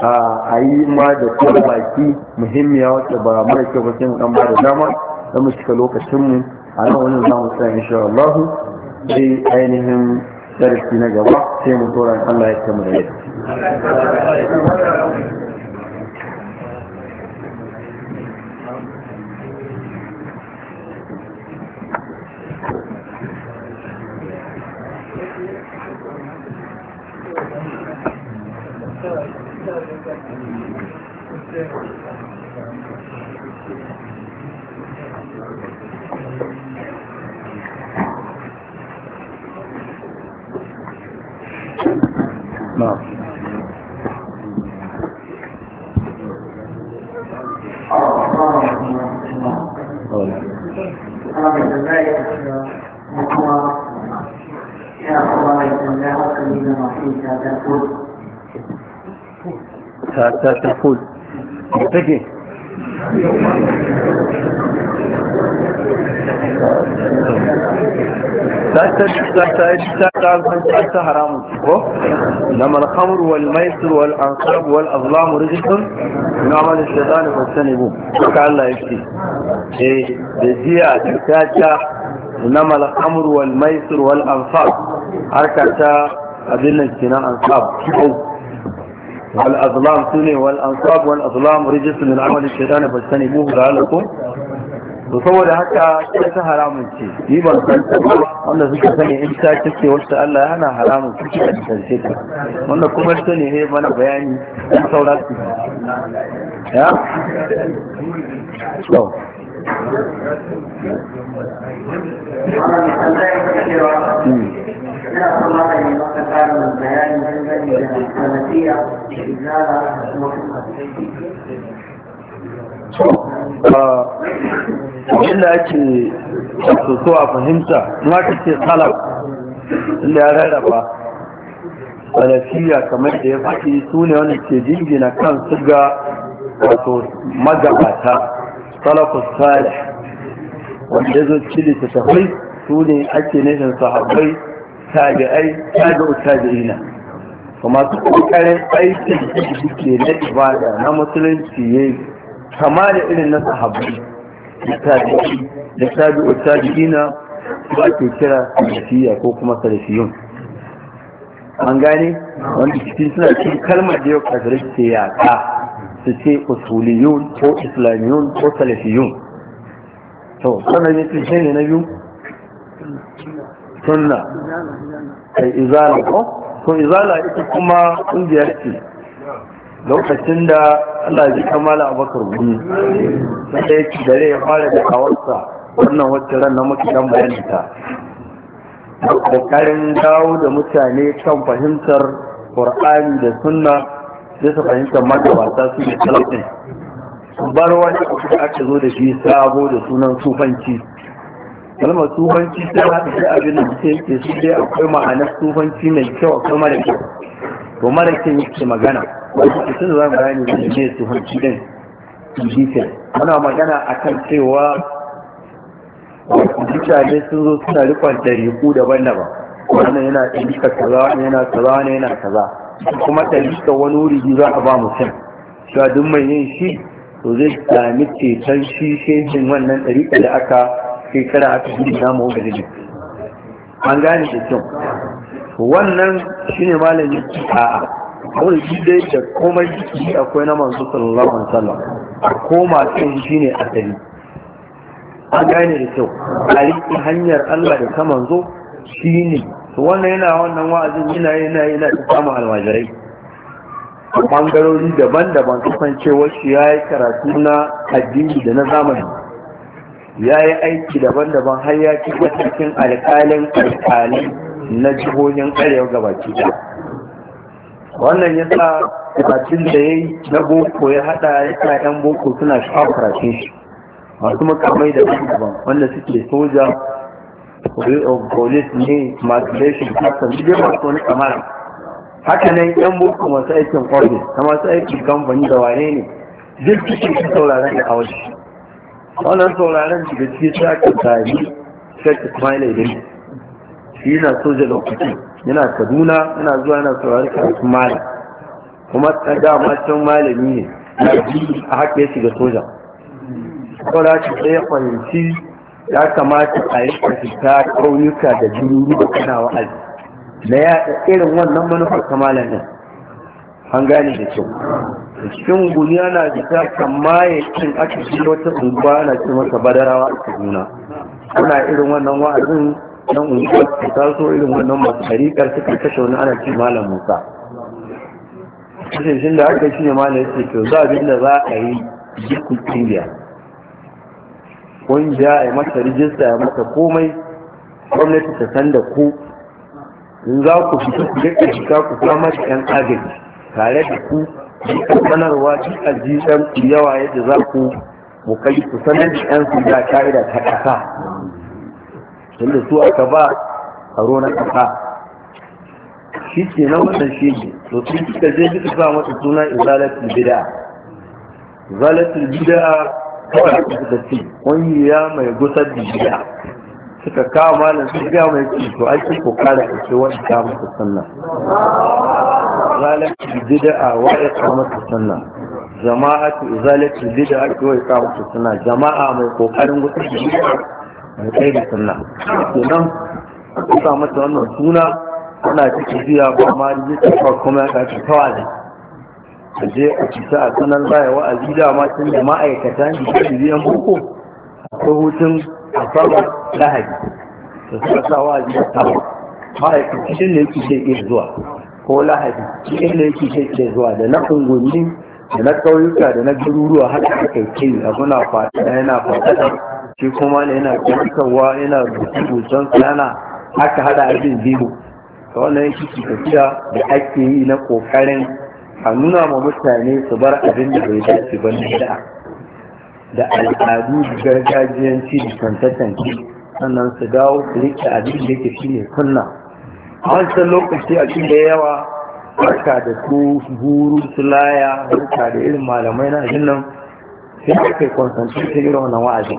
a yi ma da kuma baki muhimmiya wacce ba mara kyau ba sai mu ɗan ba da dama da mu cika mu a nan wani za mu sa insha Allah sai ainihin darasi na gaba sai mu tsoron Allah ya kama da yadda. نعم تقول متجه حرام لما الخمر والميسر والانصاب والاظلام رجس من عمل الشيطان فاجتنبوه فكان الله يكفي بزيع تكاتا انما الخمر والميسر والانصاب حركه ابن الجنان انصاب والأظلام سنة والأنصاب والأظلام رجس من عمل الشيطان فاجتنبوه لعلكم تصور حتى كيف حرام الشيء يبقى الخلطة وانا سكت سنة انسا تكي وقلت الله انا حرام الشيء انسا الشيطان وانا كبر سنة هي وانا بياني انسا ورات يا شو ina uh, kuma da ne maka tsarin bayani dangane da sanadiyya da izala da kuma kuma inda ake so a fahimta ma ta ce salaf inda ya rarraba salafiya kamar da ya faɗi su ne wanda ke jingina kan su ga wato magabata salafus salih wanda ya zo cili ta tafai su ne ake nufin sahabbai tabi'ai tabi'u tabi'ina kuma su kokarin aikin da suke na ibada na musulunci yayi kama da irin na sahabbai da tabi'i da tabi'u tabi'ina su ake kira salafiya ko kuma salafiyun an gane wanda cikin suna cikin kalmar da yau kafirai ce yaƙa su ce usuliyun ko islamiyun ko salafiyun to sannan yake shi ne na biyu sunna kai izala ko to izala ita kuma ƙungiyar ce lokacin da Allah ji kamala abakar gumi na ɗaya ci dare ya fara da kawarsa wannan wacce ran na muke dan ta da karin dawo da mutane kan fahimtar ƙur'ani da sunna sai su fahimtar wasa su ne talafin bar wani abu da aka zo da shi sabo da sunan sufanci kalmar tufanci ta za shi a abin da ke su dai akwai ma'anar tufanci mai kyau akwai mara kyau to mara kyau yake magana wasu ke sun zama bayani da ne tufanci din detail muna magana akan cewa mutane sun zo suna rikon ɗariƙu daban-daban wannan yana ɗarika kaza wani yana kaza wani yana kaza kuma ɗarika wani wuri za a ba mutum cewa duk mai yin shi to zai sami ceton shi shehin wannan ɗarika da aka kai aka gudu da mu gari ne an gane da kyau wannan shine malamin? a'a kawai dai da komai jiki akwai na manzo sallallahu alaihi wasallam koma kan shine asali an gane da kyau a riƙe hanyar Allah da ta manzo shine wannan yana wannan wa'azin yana yana yana kama almajirai bangarori daban-daban kasancewar shi ya yi karatu na addini da na zamani ya yi aiki daban-daban har ya ci cikin alƙalin alƙali na jihohin arewa gabaki da wannan ya sa karatun da ya yi na boko ya haɗa ya sa 'yan boko suna sha'awar shi masu makamai da daban wanda suke soja oh, police ne masturbation custom dai masu wani kamara haka nan yan boko masu aikin ofis da masu aikin kamfani da wane ne duk cikin sauraron a wajen wannan sauraron da gaske sa ka sami shek ismaila idan shi yana soja lokacin yana kaduna yana zuwa yana saurari karatun malam kuma dama can malami ne a haka ya shiga soja saboda ta tsaye fahimci ya kamata a yi ta ƙauyuka da jiruru da kana wa'azi na yaɗa irin wannan manufar kamalan nan an gane da kyau cikin guni na jita kama maye cin aka shi wata unguwa na cin wata badarawa a kaduna Kuna irin wannan wa'azin nan unguwa ta taso irin wannan masu harikar suka kashe wani ana cin malam musa kashin da aka shi ne malam ya ce to za abin da za a yi jikin kungiya kungiya a yi mata rijista ya mata komai gwamnati ta san da ku in za ku fita ku dukkan shiga ku samar da yan agaji tare da ku duk sanarwa duk aljihar yawa yadda za ku mu kai ku sanar da yan su da ka'ida ta ƙasa tunda su aka ba tsaro na ƙasa shi ke na wannan shi ne to sun kika je duka sa masa suna izalatul bid'a izalatul bid'a kawai a ce wani ya mai gusar da bid'a suka kawo malam su ga mai ci to an ci ko kare a ce wani ta masa sannan zalatul bid'a wa ya ta masa sannan jama'atu zalatul bid'a ko ya ta masa sannan jama'a mai kokarin gudun bid'a mai kai da sannan kenan ku sa masa wannan suna ana cikin biya ba ma ji ta kuma ya ta ne a je a fita a sanar baya wa'azi da matan da ma'aikata ne ke biyan boko ko a asabar lahadi da suka sa wa'azi a yi ma'aikin shi da yake ke iya zuwa ko lahadi shi da yake ke iya zuwa da na ungumi da na ƙauyuka da na garuruwa har da kai kai abu na fata yana fata shi kuma ne yana kyantarwa yana rubutun sana haka hada abin biyu ta wannan yake tafiya da ake yi na ƙoƙarin a nuna ma mutane su bar abin da bai dace ba na da'a da al'adu da gargajiyanci da tantatanci sannan su dawo su rike abin da yake shi ne kunna a san lokaci a cikin da yawa barka da su buru su laya barka da irin malamai na ajin nan sai aka yi kwansanci ta yi rauna wa'azi.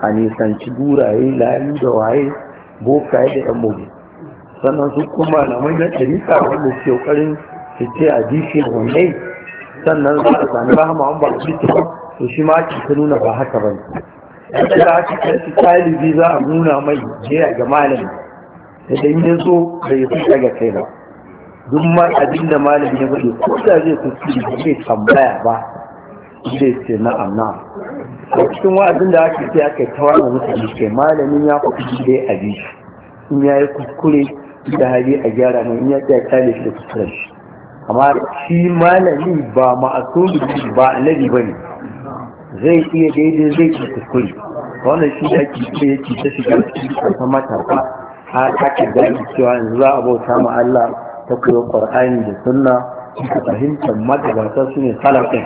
a nisanci guraye layu da waye bokaye da yan mobi sannan su kuma malamai na tarika wanda su karin su ce a jishe wannan sannan za a sami rahama an ba su to shi ma ake ta nuna ba haka ba ne da aka karfi talibi za a nuna mai jiya ga malami da dan ya so da ya fita ga kai ba duk ma abin da malami ya faɗi ko da zai kuskure ba zai tambaya ba zai ce na'am amna. a cikin wa'azin da ake ce aka tawar da mutane kai malamin ya faɗi dai a in ya yi kuskure da hali a gyara mai in ya ce talibi da kuskuren amma shi malami ba ma'asumi ba annabi ba ne zai iya daidai zai ke kuskure wannan shi da ke ce ce ta shiga cikin kanta matafa har ake gani cewa yanzu za a bauta ma Allah ta koyo Qur'ani da Sunna ta fahimtar magabata su ne salafin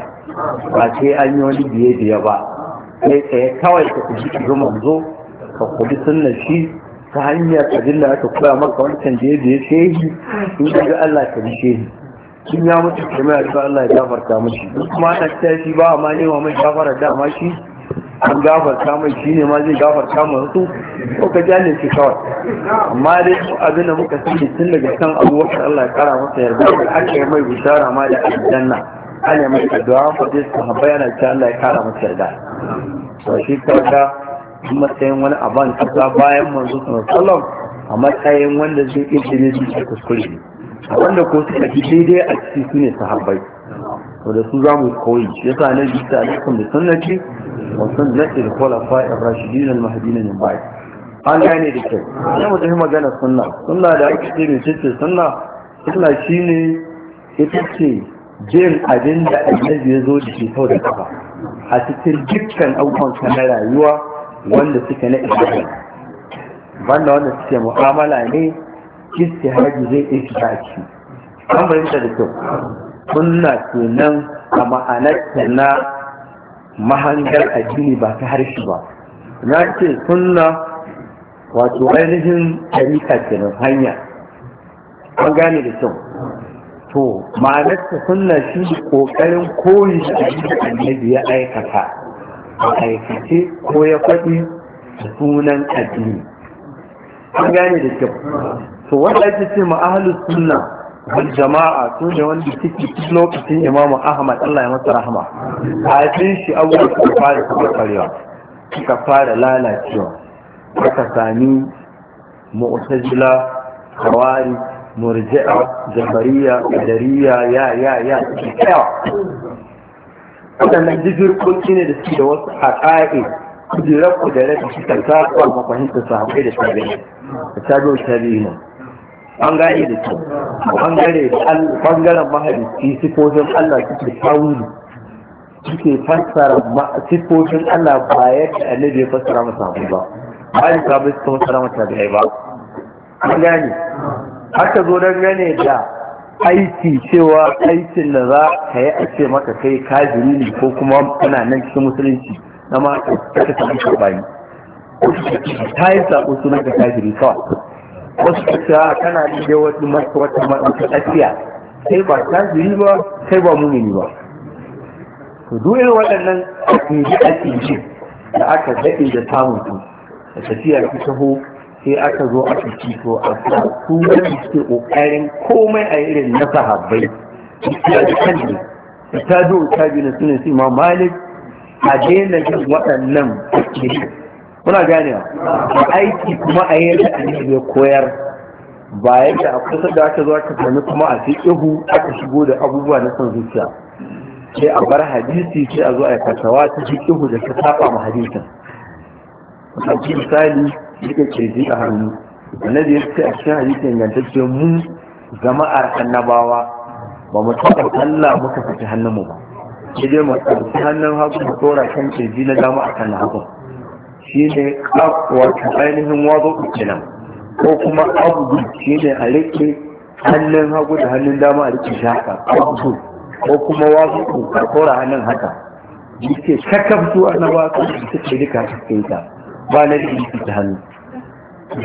ba sai an yi wani biye biye ba sai tsaye kawai ka kuji ki zo. ka kuji sunna shi ta hanyar abin da aka koya maka wancan biye biye shehi in ga Allah ka bi shehi sun ya mutu da mai addu'a Allah ya gafarta mashi kuma ana ta shi ba ma nema mai gafara da ma shi an gafarta mai shi ne ma zai gafarta ma su ko ka jani shi kawai amma dai abin da muka sani tun daga kan abu wata Allah ya kara masa yarda da aka yi mai bishara ma da aljanna an yi mai addu'a ko dai su haɓa yana ta Allah ya kara masa yarda to shi kawai matsayin wani aban kasa bayan manzo sallallahu alaihi wasallam a matsayin wanda zai iya jini da kuskure wanda ko suka fi daidai a ciki su ne sahabbai to da su zamu koyi shi yasa na bi ta alaikum da sunnati wa sunnati al-khulafa'i ar-rashidin na mahdiyyin min ba'd an gane da kyau sai mu tafi magana sunna sunna da ake ce mai ce sunna sunna shine ita ce jin abin da annabi ya zo da ke sau da kafa a cikin dukkan abubuwan na rayuwa wanda suke na ibada banda wanda suke mu'amala ne haji zai istihaji an fahimta da kyau sunna kenan a ma'anarta na mahangar addini ba ta harshe ba na ce sunna wato ainihin tarika kenan hanya an gane da kyau to ma'anarta sunna shi ne kokarin koyi da annabi ya aikata a aikace ko ya faɗi sunan addini an gane da kyau so wanda ake ce ma ahlus sunna wal jama'a su ne wanda suke lokacin imam ahmad Allah ya masa rahama a cikin shi abubuwa suka fara suka karewa suka fara lalacewa aka sami mu'tazila hawari murji'a jabariya qadariya ya ya ya waɗannan jirgirkoki ne da suke da wasu haƙa'i kujerar kujerar da suka zaɓa mafahimtar sahabai da tabi'i da tabi'u tabi'i ne Bangare da kyau bangare bangaren mahalici sifofin Allah suke tawili suke fassara sifofin Allah ba yadda annabi ya fassara masa abu ba ya sabu suka fassara masa da ba an gane haka zo don gane da aiki cewa aikin da za ka yi a ce maka kai kajiri ne ko kuma kana nan cikin musulunci na ma ka ta samu karɓani ta yi saƙo sunan ka kajiri kawai wasu cewa kana da wata masu wata masu tsakiya sai ba tajiri ba sai ba mumini ba to duk irin waɗannan a akidi da aka daɗe da samun su da tafiya ta taho sai aka zo aka ci a sa su wanda suke ƙoƙarin komai a irin na sahabbai ya da kan ne ta zo ta bi na suna su ma malik a daina jin waɗannan akidi kuna ganewa ba aiki kuma a yi yadda annabi ya koyar ba yadda a kusa da aka zuwa aka sami kuma a ihu aka shigo da abubuwa na son zuciya sai a bar hadisi sai a zo a yi ta fi ihu da ta saba ma hadisin a misali duka kirji a hannu annabi ya ce a cikin hadisi ingantacce mu a annabawa ba mu taɓa Allah muka fita mu ba sai dai mu ɗauki hannun hagu mu tsora kan kirji na dama a kan hagu shi ne wata ainihin wazo kenan ko kuma abubu shi ne a rike hannun hagu da hannun dama a rike shaka haka abubu ko kuma wazo ku kora hannun haka yake kakaf su annaba su suke duka suke ta ba na da yake da hannu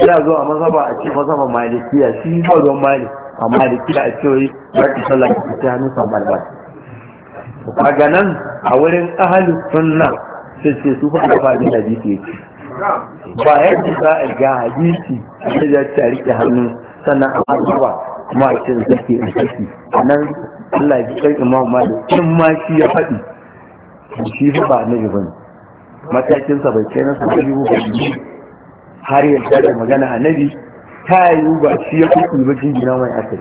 ya zo a mazaba a ce mazaba malikiya shi ba don mali a malikiya a ce wai ba ta sallah ta hannun sa ba. to kaga nan a wurin ahalin sunna sai ce su fa ba ni hadisi yake ba yadda za a ga hadisi sai ya ta rike hannu sannan a abuwa kuma a ce zaki a ciki nan Allah ya kai imamu da Cin ma shi ya faɗi shi fa ba ni ba matakin sa bai kai na sabbi ba har ya da magana annabi ta yi ba shi ya faɗi ba jinjina mai akai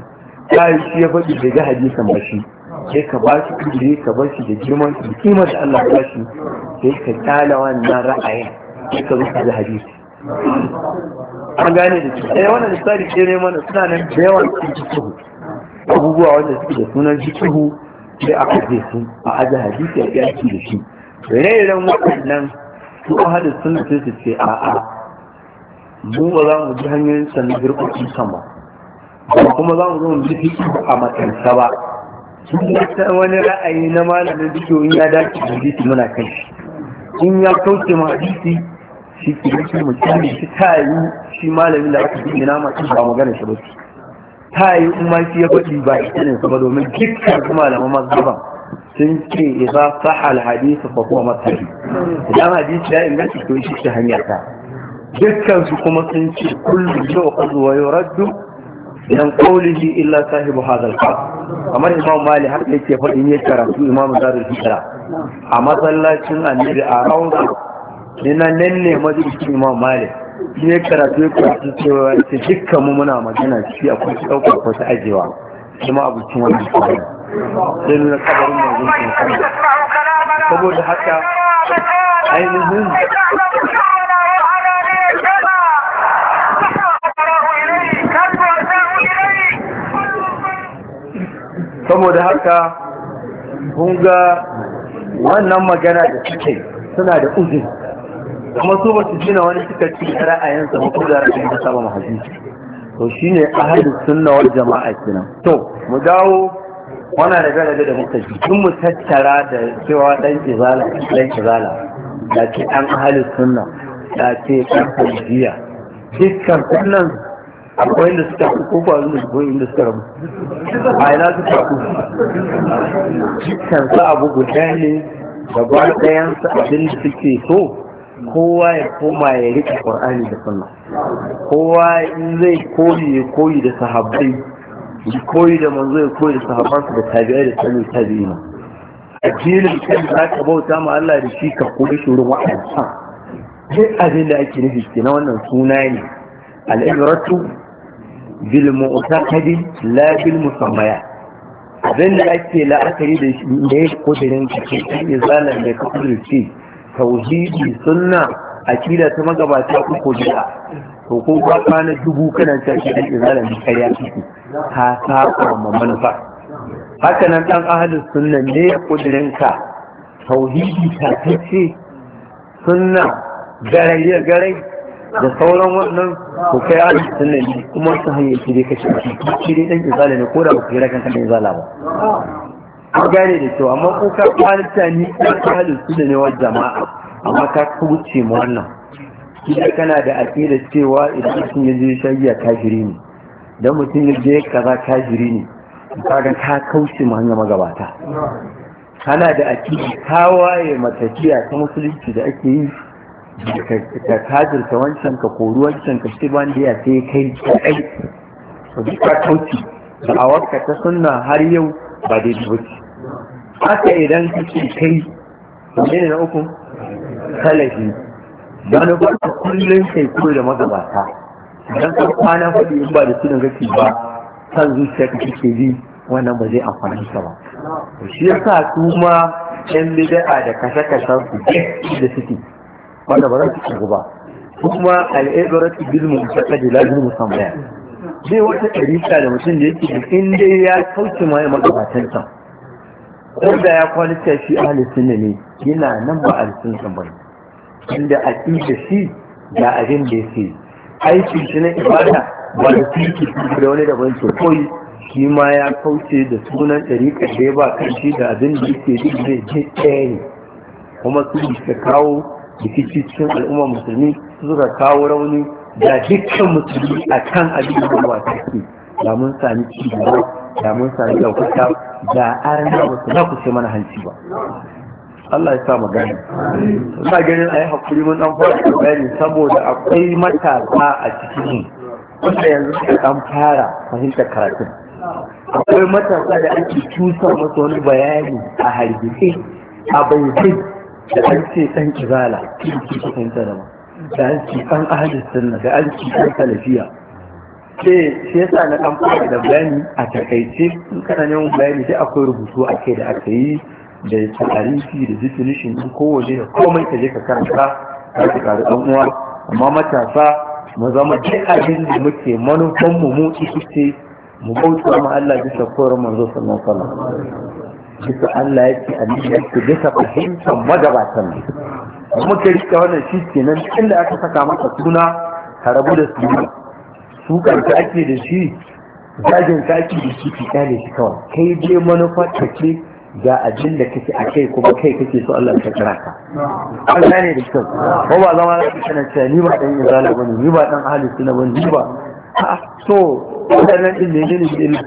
ta yi shi ya faɗi bai ga hadisan ba shi sai ka ba shi ilimi ka bar shi da girman da kimar da Allah ba shi sai ka tala wannan ra'ayin sai ka zuka da hadisi an gane da shi ɗaya eh, wannan misali ce ne mana suna nan da yawan cikin fikihu abubuwa wanda suke da sunan fikihu sai aka je su a aji hadisi a yaki da shi ire-iren waɗannan su ahalin sun sai su ce a'a mu ba za mu ji hanyoyin sannan girkukin sama ba kuma za mu zo mu ji fikihu a matansa ba ta wani ra'ayi na malamin bidiyo ya dace da hadisi muna kai in ya kauce ma hadisi shi ke yake mutum shi ta yi shi malamin da aka bi na masu ba magana shi ba shi, ta yi in ma shi ya faɗi ba shi ne ba domin dukkan kuma malaman mazhaban sun ce idan sahal hadisi fa kuma masahi idan hadisi ya inganta to shi ta hanya ta dukkan su kuma sun ce kullu yau qad wa yuraddu dan qawlihi illa sahibu hadha al kamar imam mali har da yake faɗin ya karatu imam zarar hijira a masallacin annabi a rauna ne na nan ne majalisun imam mali shi ya karatu ya karatu cewa ta jikka mu muna magana shi akwai ɗaukar wata ajewa kuma abincin wani kwanan sai nuna kabarin mai zuwa saboda haka ainihin saboda haka kunga wannan magana da suke suna da uzuri kuma su ba su gina wani suka ci ra'ayinsa ba ko da ra'ayin da saba mahaji to shine ahadin sunna wal jama'a kenan to mu dawo wana da galabe da muka ji tun mu tattara da cewa dan izala dan izala da ke dan ahalin sunna da ke dan hajjiya dukkan akwai inda suka ku ko faru da akwai inda suka rabu a ina suka ku kan sa abu guda ne gaba ɗayan su abin da suke so kowa ya koma ya rike qur'ani da sunna kowa in zai koyi ya koyi da sahabbai ya koyi da manzo ya koyi da sahabbansu da tabi'ai da tabi'ai tabi'ina addinin kan za ka bauta ma Allah da shi ka koyi shi wurin wa'ansa duk abin da ake nufi na wannan suna ne al'ibiratu bil mu'taqadi la bil musammaya abin da ake la'akari da shi ne kudirin kake kai zalan da kudurci tauhidi sunna akida ta magabata uku bid'a to ko ka kana dubu kana ta akida izalan da kariya kike ka saba ma manufa haka nan dan ahlus sunna ne kudirin ka tauhidi ta tace sunna garai garai da sauran wannan ku kai ahli sunna ne kuma su hanyar shi dai kace shi dai dan izala ne ko da ba ku yi rakan dan izala ba an gane da cewa amma ko ka halitta ni halin su da ne wa jama'a amma ka kuce mu wannan da kana da da cewa idan mutum ya je ya kafiri ne don mutum ya je kaza kafiri ne ga ka kauce mu hanya magabata kana da ka waye matafiya ta musulunci da ake yi ka kajirta wancan ka koru wancan ka ci ya ce kai kai to duk ka kauci da a ta sunna har yau ba daidai ba haka idan ce kai ne na uku talafi gano ba ka kullum kai koyo da magabata idan ka kwana faɗi in ba da sunan kake ba kan zuciya ka kake ji wannan ba zai amfani ka ba shi yasa su ma yan bida'a da kashe-kashen su da suke wanda ba za su shigo ba kuma al'ibaratu bil mu'taqadi la bil musamman zai wata tarika da mutum da yake in dai ya kauce ma ya magabatan can ko da ya kwalita shi ahli sunna ne yana nan ba a sunna ba inda aqida shi da abin da yake aikin shi na ibada ba da kirki da wani daban ke koyi shi ma ya kauce da sunan ɗariƙa da ya ba kan shi da abin da yake duk zai je ɗaya ne kuma su ka kawo rikici cikin al'umma musulmi suka kawo rauni da dukkan musulmi a kan abin da ba ta ke da mun sami ci gaba da mun sami ɗaukaka da aran da wasu na kusa mana hanci ba Allah ya sa mu gani ina ganin a yi haƙuri mun ɗan fara bayani. saboda akwai matasa a cikin wanda yanzu suka ɗan fara fahimtar karatun akwai matasa da ake cusa masu wani bayani a hargitse a bai da an ce ɗan kizala kirki cikin sarama da an ce ɗan ahalin sunna da an ce ɗan salafiya ce shi yasa na ɗan fara da bayani a takaice in kana neman bayani sai akwai rubutu a kai da aka yi da tarihi da definition ɗin kowane da komai ka je ka karanta ka ka ƙari ɗan uwa amma matasa mu zama duk abin da muke manufan mu mu ce mu bauta ma Allah bisa koyar manzo sallallahu alaihi wasallam bisa Allah ya ce annabi ya ce bisa fahimtar magabatan ne kuma ka rika wannan shi kenan inda aka saka masa suna ka rabu da su su kanka ake da shi zagin ka ake da shi ki kyale shi kawai kai dai manufa ka ce ga abin da kake a kai kuma kai kake so Allah ya kira ka an gane da kyau ko ba zama za kake na cewa ni ba dan izala bane ni ba dan ahli sunna bane ni ba a to wannan din ne ne ne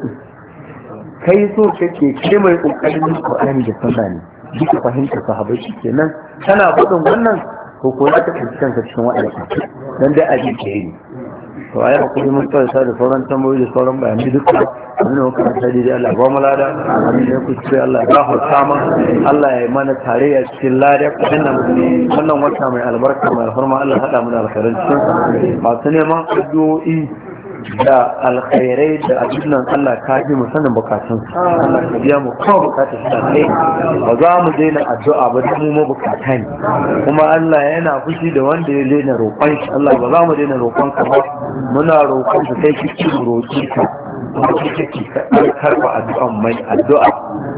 kai so kake kai mai kokarin Qur'ani da sunna ne duka fahimta sahabbai kenan kana gudun wannan ko ko za ka fahimci kanka cikin waɗannan dan dai a jike ne to ai hakuri mun tsaya sa da sauran tambayoyi da sauran bayanai duka mun ne kuma sai dai Allah ba mu lada amin ne ku sai Allah ya ho sama Allah ya mana tarayya cikin lada wannan wannan wata mai albarka mai alfarma Allah hada mu da alkhairin cikin masu neman addu'o'i da alkhairai da abinnan Allah ka ji mu sanin bukatun Allah ka biya mu kawo bukatun sanne ba za mu daina addu'a ba mu ma bukata ne kuma Allah yana fushi da wanda ya daina roƙon shi Allah ba za mu daina roƙon ka ba muna roƙon ka kai cikin roƙon ka kuma kake karba addu'a mai addu'a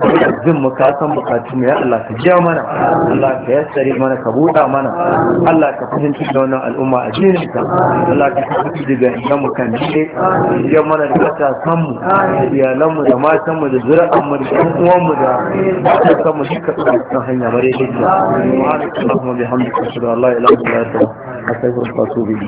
kuma jin mu ka san bukatun ya Allah ka jiya mana Allah ka yassare mana ka buɗa mana Allah ka fahimci da wannan al'umma a jinin ka Allah ka fahimci mu kan dide mana da san mu iyalan mu da matan mu da zuri'an mu da uwan mu da mu duka hanya bare da Allah Allahumma bihamdika ashhadu la ilaha illa anta astaghfiruka wa atubu